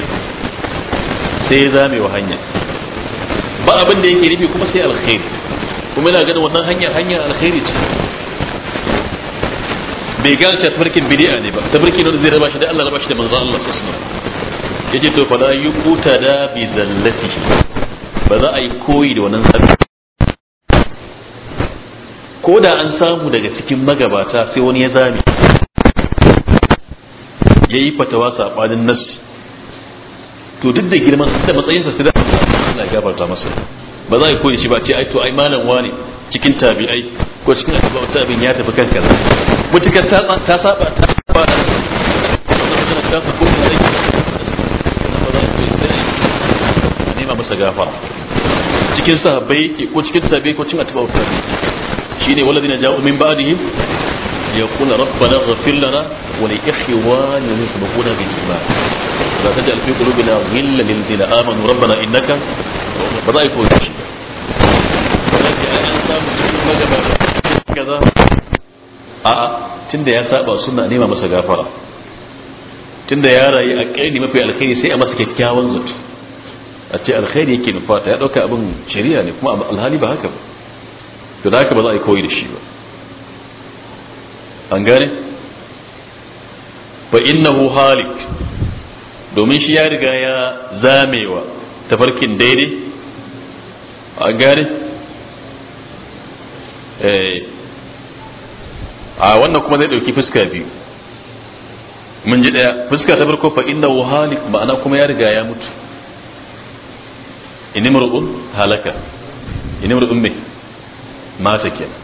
sai ya zame wa hanya ba abin da yake nufi kuma sai alkhairi kuma yana ganin wannan hanyar hanyar alkhairi ce bai gane cewa tafarkin bid'a ne ba tafarkin wanda zai raba shi da Allah raba shi da manzon Allah sallallahu alaihi wasallam yace to fala yuquta da bi zallati ba za a yi koyi da wannan sabbi ko da an samu daga cikin magabata sai wani ya zame yayi fatawa sabanin nasi. to duk da girman da matsayinsa sai da Allah ya gafarta masa ba za a koyi shi ba ce ai to ai malam wani cikin tabi'ai ko cikin asbab tabi'in ya tafi kanka mutukar ta ta saba ta saba ta ko da nema masa cikin sahabbai ko cikin tabi'ai ko cikin asbab tabi'in wala dina ja'u min ba'dihim يقول ربنا اغفر لنا ولإخواننا الذين سبقونا بالإيمان لا تجعل في قلوبنا غلا للذين آمنوا ربنا إنك فضاء يكون شيء كذا a'a tunda ya saba suna nema masa gafara tunda ya rayu a kaini mafi alkhairi sai a masa kyakkyawan zato a ce alkhairi yake nufata ya dauka abin shari'a ne kuma alhali ba haka ba to da haka ba za a yi koyi da shi ba an gane fa innahu halik domin shi ya riga ya zamewa tafarkin daidai an gane eh, a wannan kuma zai dauki fuska biyu mun ji daya fuska ta farko fa innahu halik ma'ana kuma ya riga ya mutu mur'un halaka mur'un mai mata kenan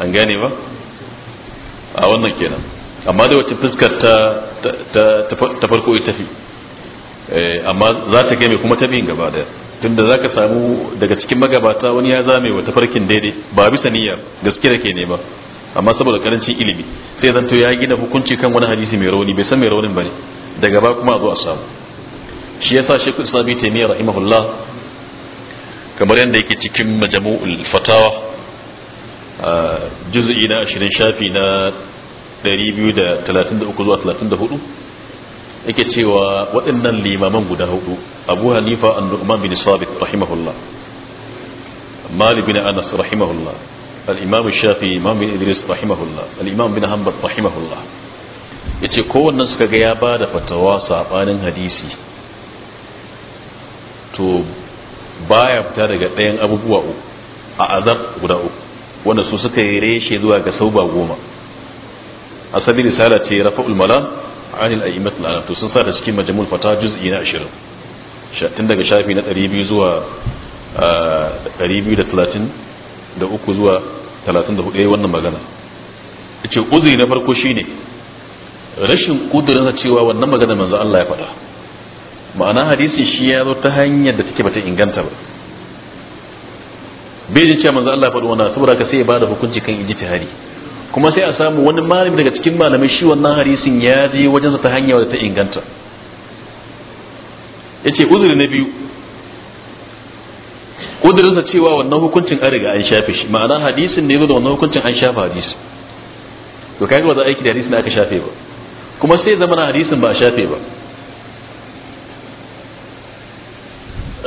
an gane ba a wannan kenan amma da wacce fuskar ta ta farko ita fi eh, amma za ta game kuma ta biyun gaba daya tunda za ka samu daga cikin magabata wani ya zame wa tafarkin daidai ba bisa niyya gaske da ke nema amma saboda karancin ilimi sai zanto ya gina hukunci kan wani hadisi mai rauni bai san mai raunin bane daga ba kuma a zo a samu shi yasa shi kusa bi taimiyya rahimahullah kamar yadda yake cikin majmu'ul fatawa juz'i na 20 shafi na 233 zuwa 34 yake cewa waɗannan limaman guda hudu abu hanifa an-nu'man bin sabit rahimahullah mali bin anas rahimahullah al-imam shafi imam bin idris rahimahullah al-imam bin hanbal rahimahullah yace kowannen suka ga ya bada fatawa sabanin hadisi to baya fita daga ɗayan abubuwa uku a azab guda uku wanda su suka yi reshe zuwa ga sauba goma sabi risala ce ulmala a anil a'imat al to sun sa cikin majamul fata juz'i na ashirin. tun daga shafi na 200 zuwa 233 zuwa 34 yi eh, wannan magana ce uzuri na farko shine rashin kudurinsa cewa wannan magana manzo Allah ya faɗa ma'ana hadisi shi ya zo ta hanyar da take bata inganta ba bai ji cewa manzo Allah faɗi wannan saboda ka sai ya bada hukunci kan ijtihadi kuma sai a samu wani malami daga cikin malamai shi wannan hadisin ya je wajen sa ta hanya wadda ta inganta yace uzuri na biyu sa cewa wannan hukuncin an riga an shafe shi ma'ana hadisin ne da wannan hukuncin an shafe hadisi to kai ba za aiki da hadisin da aka shafe ba kuma sai zama na hadisin ba a shafe ba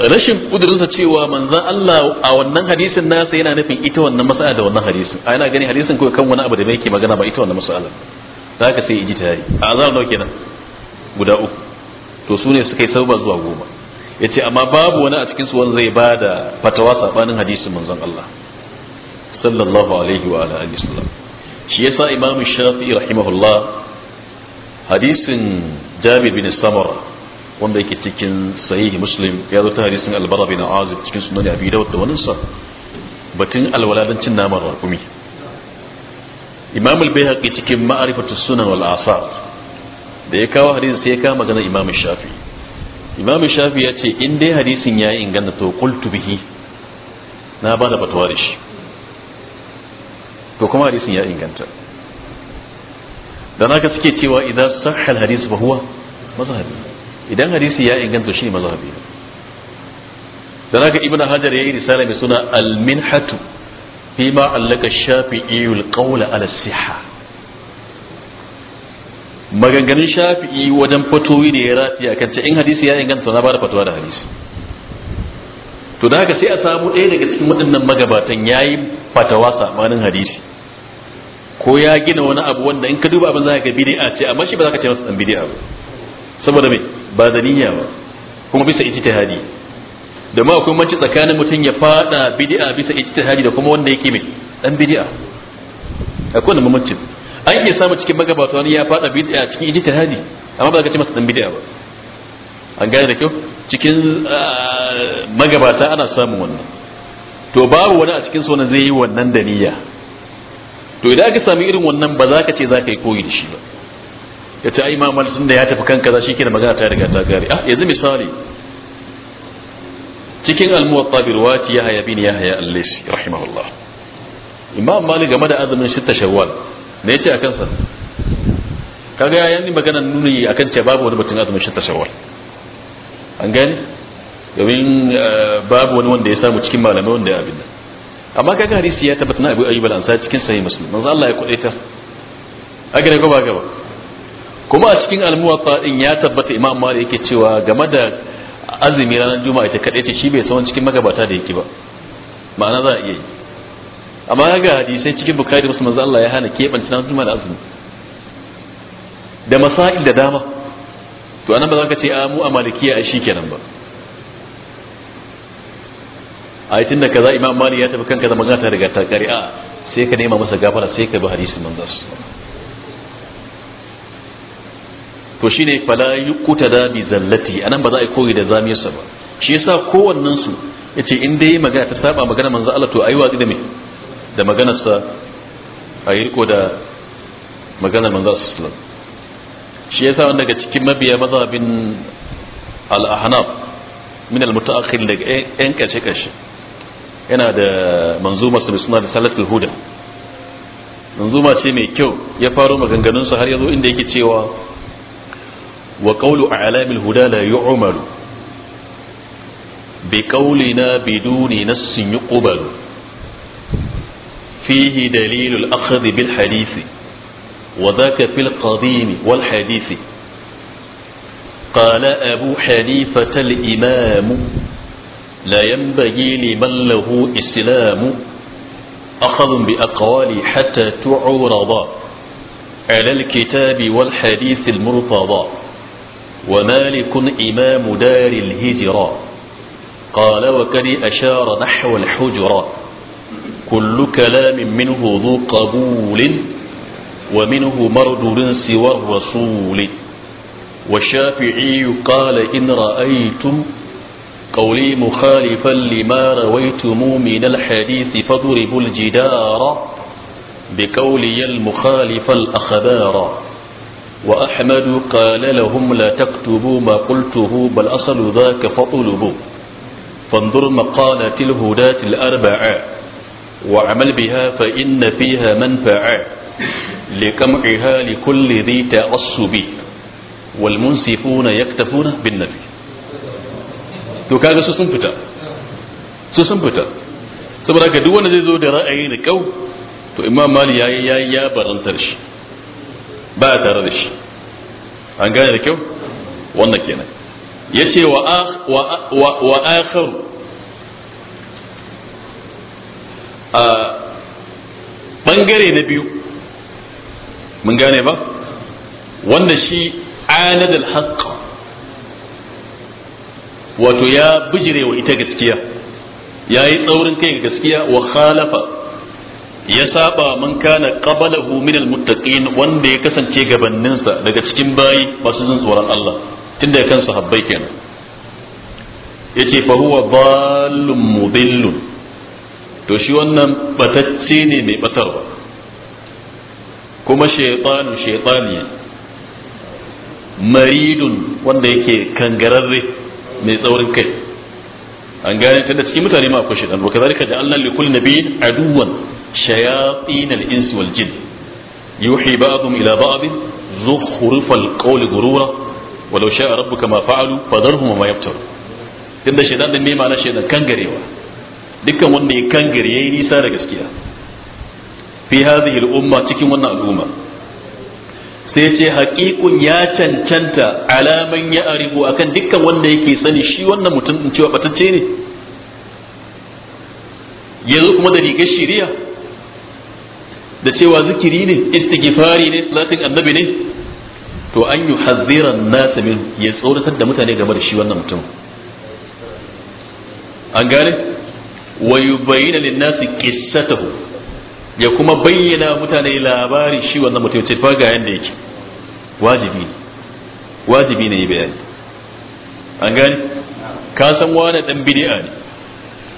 rashin kudurinsa cewa manzan Allah a wannan hadisin nasa yana nufin ita wannan mas'ala da wannan hadisin a yana gani hadisin kawai kan wani abu da bai ke magana ba ita wannan mas'ala ta haka sai iji tare a azar nau kenan guda uku to su ne suka yi sabba zuwa goma ya ce amma babu wani a cikinsu wani zai ba da fatawa sabanin hadisin manzan Allah sallallahu alaihi wa alihi wasallam shi yasa imamu shafi'i rahimahullah hadisin jabir bin samara wanda yake cikin sahihi muslim ya zo ta hadisin albara bin azib cikin sunan abi dawud da wannan sa batun alwaladancin naman rakumi imam al-bayhaqi cikin ma'rifatu sunan wal asar da ya kawo hadisin sai ya kawo magana imam shafi imam shafi ya ce in dai hadisin ya inganta to qultu bihi na ba da fatawa shi to kuma hadisin ya inganta dan haka suke cewa idan sahha al-hadis fa huwa mazhabi idan hadisi ya inganta shi mazhabi dan haka ibnu hajar yayi risala mai suna al-minhatu ma allaka shafi'i al-qawl ala siha maganganun shafi'i wajen fatowi da ya rafi a kan in hadisi ya inganta na bada fatawa da hadisi to da haka sai a samu ɗaya daga cikin waɗannan magabatan yayi fatawa samanin hadisi ko ya gina wani abu wanda in ka duba abin za ka a ce amma shi ba za ka ce masa dan bid'a ba saboda me ba da niyya ba kuma bisa ijtihadi ma akwai mace tsakanin mutum ya fada bid'a bisa ijtihadi da kuma wanda yake mai dan bid'a akwai wanda mamancin an iya samu cikin magabata wani ya fada bid'a cikin ijtihadi amma ba ka ce masa dan bid'a ba an gane da kyau cikin ah, magabata ana samun wannan to babu wani a cikin su zai yi wannan da niyya to idan aka sami irin wannan ba za ka ce za ka yi koyi da shi ba ya ta yi mamal da ya tafi kan kaza kina magana ta riga ta gari ah yanzu misali cikin almuwatta bi ruwati ya haya bin ya haya allaisi rahimahullah imam malik game da azumin shitta shawwal me yace akan sa kaga yayin ni magana nuni akan ce babu wani batun azumin shitta shawwal an gani domin eh, babu wani wanda ya samu cikin malamai wanda ya abinda. amma kaga hadisi ya tabbata na abu ayyub al-ansari cikin sahih muslim manzo Allah ya kudaita a gare ko ba gaba kuma a cikin almuwatta din ya tabbata imam malik yake cewa game da azumi ranar juma'a ita kadai ce shi bai san cikin magabata da yake ba ma'ana za a iya yi amma ga hadisai cikin bukari musu zan Allah ya hana keɓance ranar juma'a da azumi da masail da dama to anan ba za ka ce a mu a malikiya a shi kenan ba a tun da kaza imam malik ya tafi kanka da magana ta riga ta a sai ka nema masa gafara sai ka bi hadisin manzo sallallahu to shine fala yukuta da bi zallati anan ba za a yi koyi da zamiyarsa ba shi yasa kowannen su yace in dai magana ta saba magana manzo Allah to ayi watsi da me da maganarsa ayi riko da maganar manzo sallallahu alaihi wasallam shi yasa wanda daga cikin mabiya mazhabin al-ahnaf min al-mutaakhir daga yan kace kashe yana da manzuma su suna da salatul huda manzuma ce mai kyau ya faro sa har yazo inda yake cewa وقول أعلام الهدى لا يعمل بقولنا بدون نص يقبل فيه دليل الأخذ بالحديث وذاك في القديم والحديث قال أبو حنيفة الإمام لا ينبغي لمن له إسلام أخذ بأقوال حتى تعرض على الكتاب والحديث المرتضى ومالك إمام دار الهجرة قال وكذي أشار نحو الحجرة كل كلام منه ذو قبول ومنه مردود سوى الرسول والشافعي قال إن رأيتم قولي مخالفا لما رويتم من الحديث فضربوا الجدار بقولي المخالف الأخبار وأحمد قال لهم لا تكتبوا ما قلته بل أصل ذاك فطلبوا فانظر مقالة الهداة الأربعة وعمل بها فإن فيها منفعة لكمعها لكل ذي تعصب والمنسفون يكتفون بالنبي to سسنبتا سسنبتا sun fita su sun fita saboda ka duk wanda يا يا يا ra'ayi ba tare da shi an gane da kyau wannan kenan ya ce wa akharu a ɓangare na biyu mun gane ba wanda shi anadal haqqa wato ya bijire wa ita gaskiya ya yi tsaurin kai ga gaskiya wa khalafa ya saba man kana qabalahu min almuttaqin wanda ya kasance gabaninsa daga cikin bayi masu jin tsoron Allah tunda kan sahabbai kenan yace fa huwa dallun mudillun to shi wannan batacce ne mai batarwa kuma shaytanu shaytani maridun wanda yake kangararre mai tsaurin kai an gane tunda cikin mutane ma akwai shaytan wa kazalika ja'alna li kulli nabiyyin aduwan shayatin al-ins wal jin yuhi ba'dhum ila ba'd zukhruf al-qawl gurura walau sha'a rabbuka ma fa'alu fadarhum ma yaftar tunda shaytan din ne ma na shaytan kangarewa dukkan wanda ya kangare yayi nisa da gaskiya fi hadhihi al-umma cikin wannan al'umma sai ce haƙiƙun ya cancanta alaman ya aribu akan dukkan wanda yake sani shi wannan mutum in cewa batacce ne yanzu kuma da rigar shiriya da cewa zikiri ne istighfari ne salatin annabi ne to an yi hazziran nasa min ya tsoratar da mutane game da shi wannan mutum an gane wa yubayyana lin-nasi qissatahu ya kuma bayyana mutane labarin shi wannan mutum ce fa ga yanda yake wajibi ne wajibi ne bayani an gane ka san wani dan bid'a ne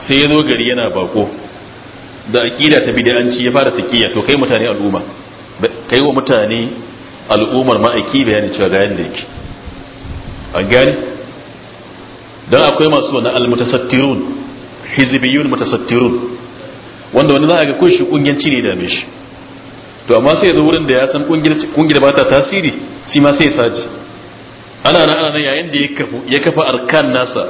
sai ya zo gari yana bako da aqida ta bid'anci ya fara taqiya to kai mutane al'umma kai wa mutane al'ummar ma'aiki bayani cewa ga yanda yake an gani dan akwai masu wannan almutasattirun hizbiyyun mutasattirun wanda wani za a ga kun shi kungiyanci ne da shi to amma sai zo wurin da ya san kungiyar ba ta tasiri shi ma sai ya saji ana nan ana yayin da ya kafa arkan nasa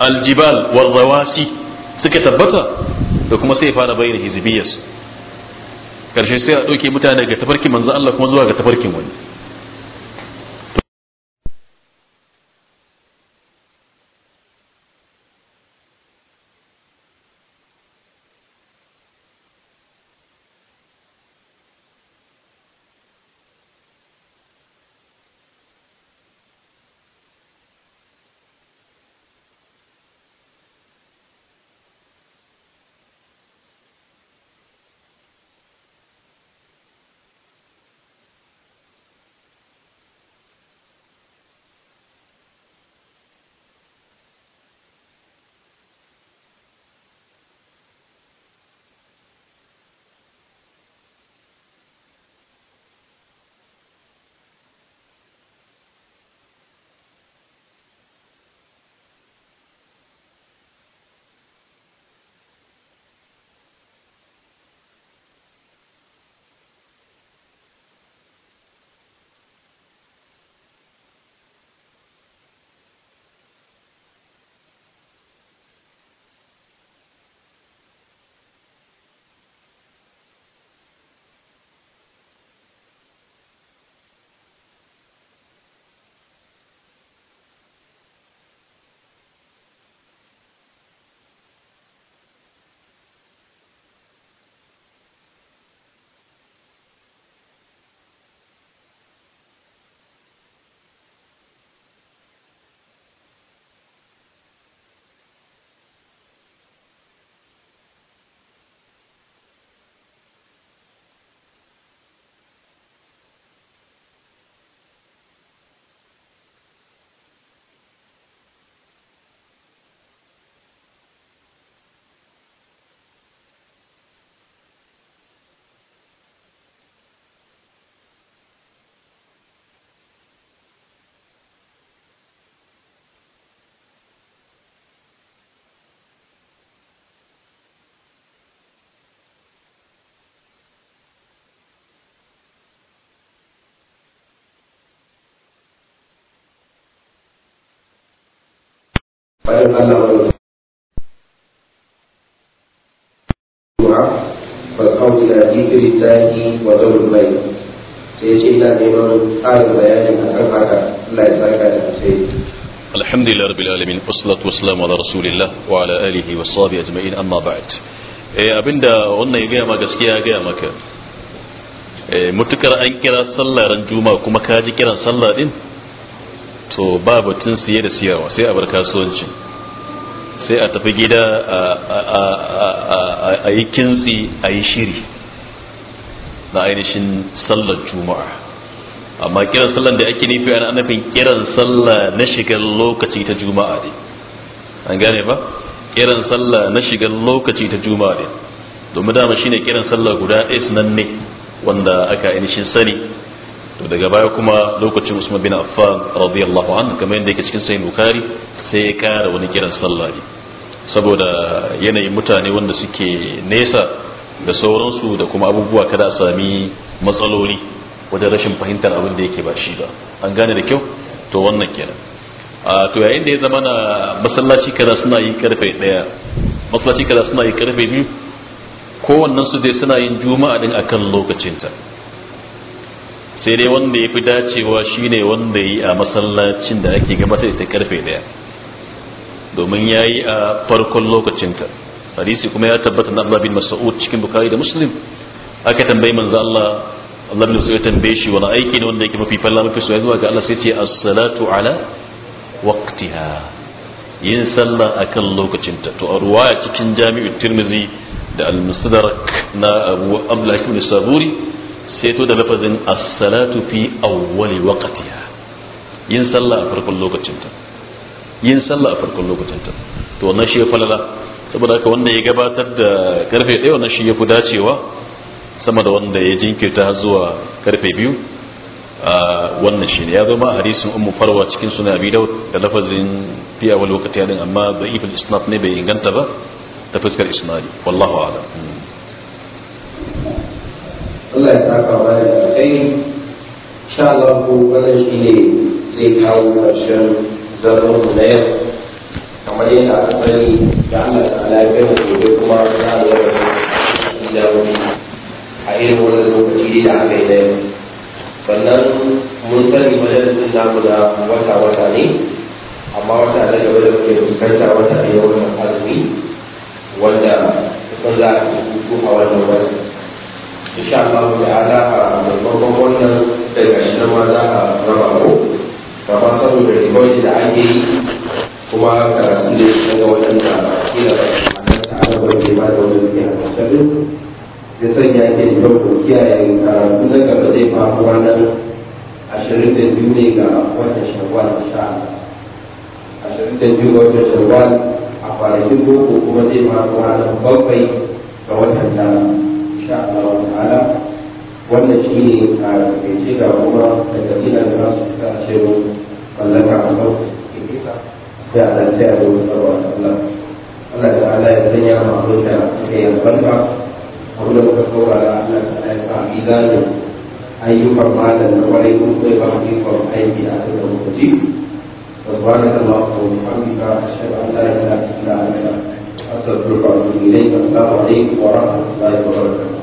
aljibal warrawasi suka tabbata da kuma sai fara bayyana hizbiyas karshe sai a ɗauke mutane ga tafarkin manzo Allah kuma zuwa ga tafarkin wani bayan Allah wa والقول إلى ذكر الله وذر الليل سيجي إلى إمام قال بيان أكرمك لا يفاك الحمد لله رب العالمين والصلاة والسلام على رسول الله وعلى آله وصحبه أجمعين أما بعد abinda wannan ya gaya ma gaskiya ya gaya maka mutukar an kira sallah ran juma kuma ka ji kiran sallah din so ba batun siye da siyarwa sai a bar kasuwanci sai a tafi gida a yi kintsi a yi shiri na ainihin sallar juma'a amma kiran sallar da ake nufi ana nufin kiran sallah na shigar lokaci ta juma'a ne an gane ba kiran sallah na shigar lokaci ta juma'a ne domin dama shine kiran sallah guda ɗaya sunan ne wanda aka ainihin sani to daga baya kuma lokacin Usman bin Affan radiyallahu anhu kamar yadda yake cikin sahih Bukhari sai ya kara wani kiran sallah saboda yanayin mutane wanda suke nesa da sauransu da kuma abubuwa kada a sami matsaloli wajen rashin fahimtar abin da yake ba shi ba an gane da kyau to wannan kenan a to yayin da ya zama na masallaci kaza suna yi karfe daya masallaci kaza suna yi karfe biyu kowannen su dai suna yin juma'a din akan lokacinta sai dai wanda ya fi dacewa shine wanda yi a masallacin da ake gabata ta karfe daya domin ya yi a farkon lokacinta hadisi kuma ya tabbata na Allah bin Mas'ud cikin Bukhari da Muslim aka tambayi manzo Allah Allah bin Mas'ud ya tambaye shi wani aiki ne wanda yake mafi falla mafi soyayya zuwa ga Allah sai ce as-salatu ala waqtiha yin sallah akan lokacinta to a ruwaya cikin Jami'ut Tirmidhi da al-Mustadrak na Abu Abdullah ibn Saburi sai to da lafazin as-salatu fi awwali waqtiha yin sallah a farkon lokacinta yin sallah a farkon lokacinta to wannan shi ya falala saboda haka wanda ya gabatar da karfe 1 wannan shi ya fi dacewa sama da wanda ya jinkirta zuwa karfe 2 wannan shi ne ya zama hadisin ummu farwa cikin suna abi daud da lafazin fi awwal waqtiha din amma da ibn isnad ne bai inganta ba ta fuskar isnadi wallahu a'lam Allah ya saka wa da kai sha Allah ko wannan shi ne zai kawo karshen zaman mu na yau kamar yadda aka sani da Allah ta alaƙa gobe kuma ta da yau a irin wannan lokaci da aka yi da yau sannan mun sani majalisun namu da wata-wata ne amma wata da gaba da muke fuskanta wata a na azumi wanda kusan za a yi hutu a wannan wata insha Allah ala a da farkon wannan daga shi ma za a raba ko kamar saboda rikoyi da ake yi kuma karatun da shi daga waɗanda kila ta'ala ba ke ba da wani ke hankali ya sanya ke da ko kiyaye karatu na gaba zai faru wannan ashirin da biyu ne ga wata shawwal insha Allah ashirin da biyu ga watan shawwal a kwanakin boko kuma zai faru wannan bakwai ga watan tara شاء الله تعالى والتشكيل على في سيدة عمر الذين لنصف تأشر طلق عن موت الكفة جاء الجاب صلوات الله الله تعالى يبني عن عبدنا كي يبنى قبل وكفر على أهل الأيقاع إذان أيها المال وعليكم طيب عبدكم أي في أسد المتجيب سبحانك الله وبحمدك أشهد أن لا إله إلا أنك أستغفرك وأتوب إليك السلام عليكم ورحمة الله وبركاته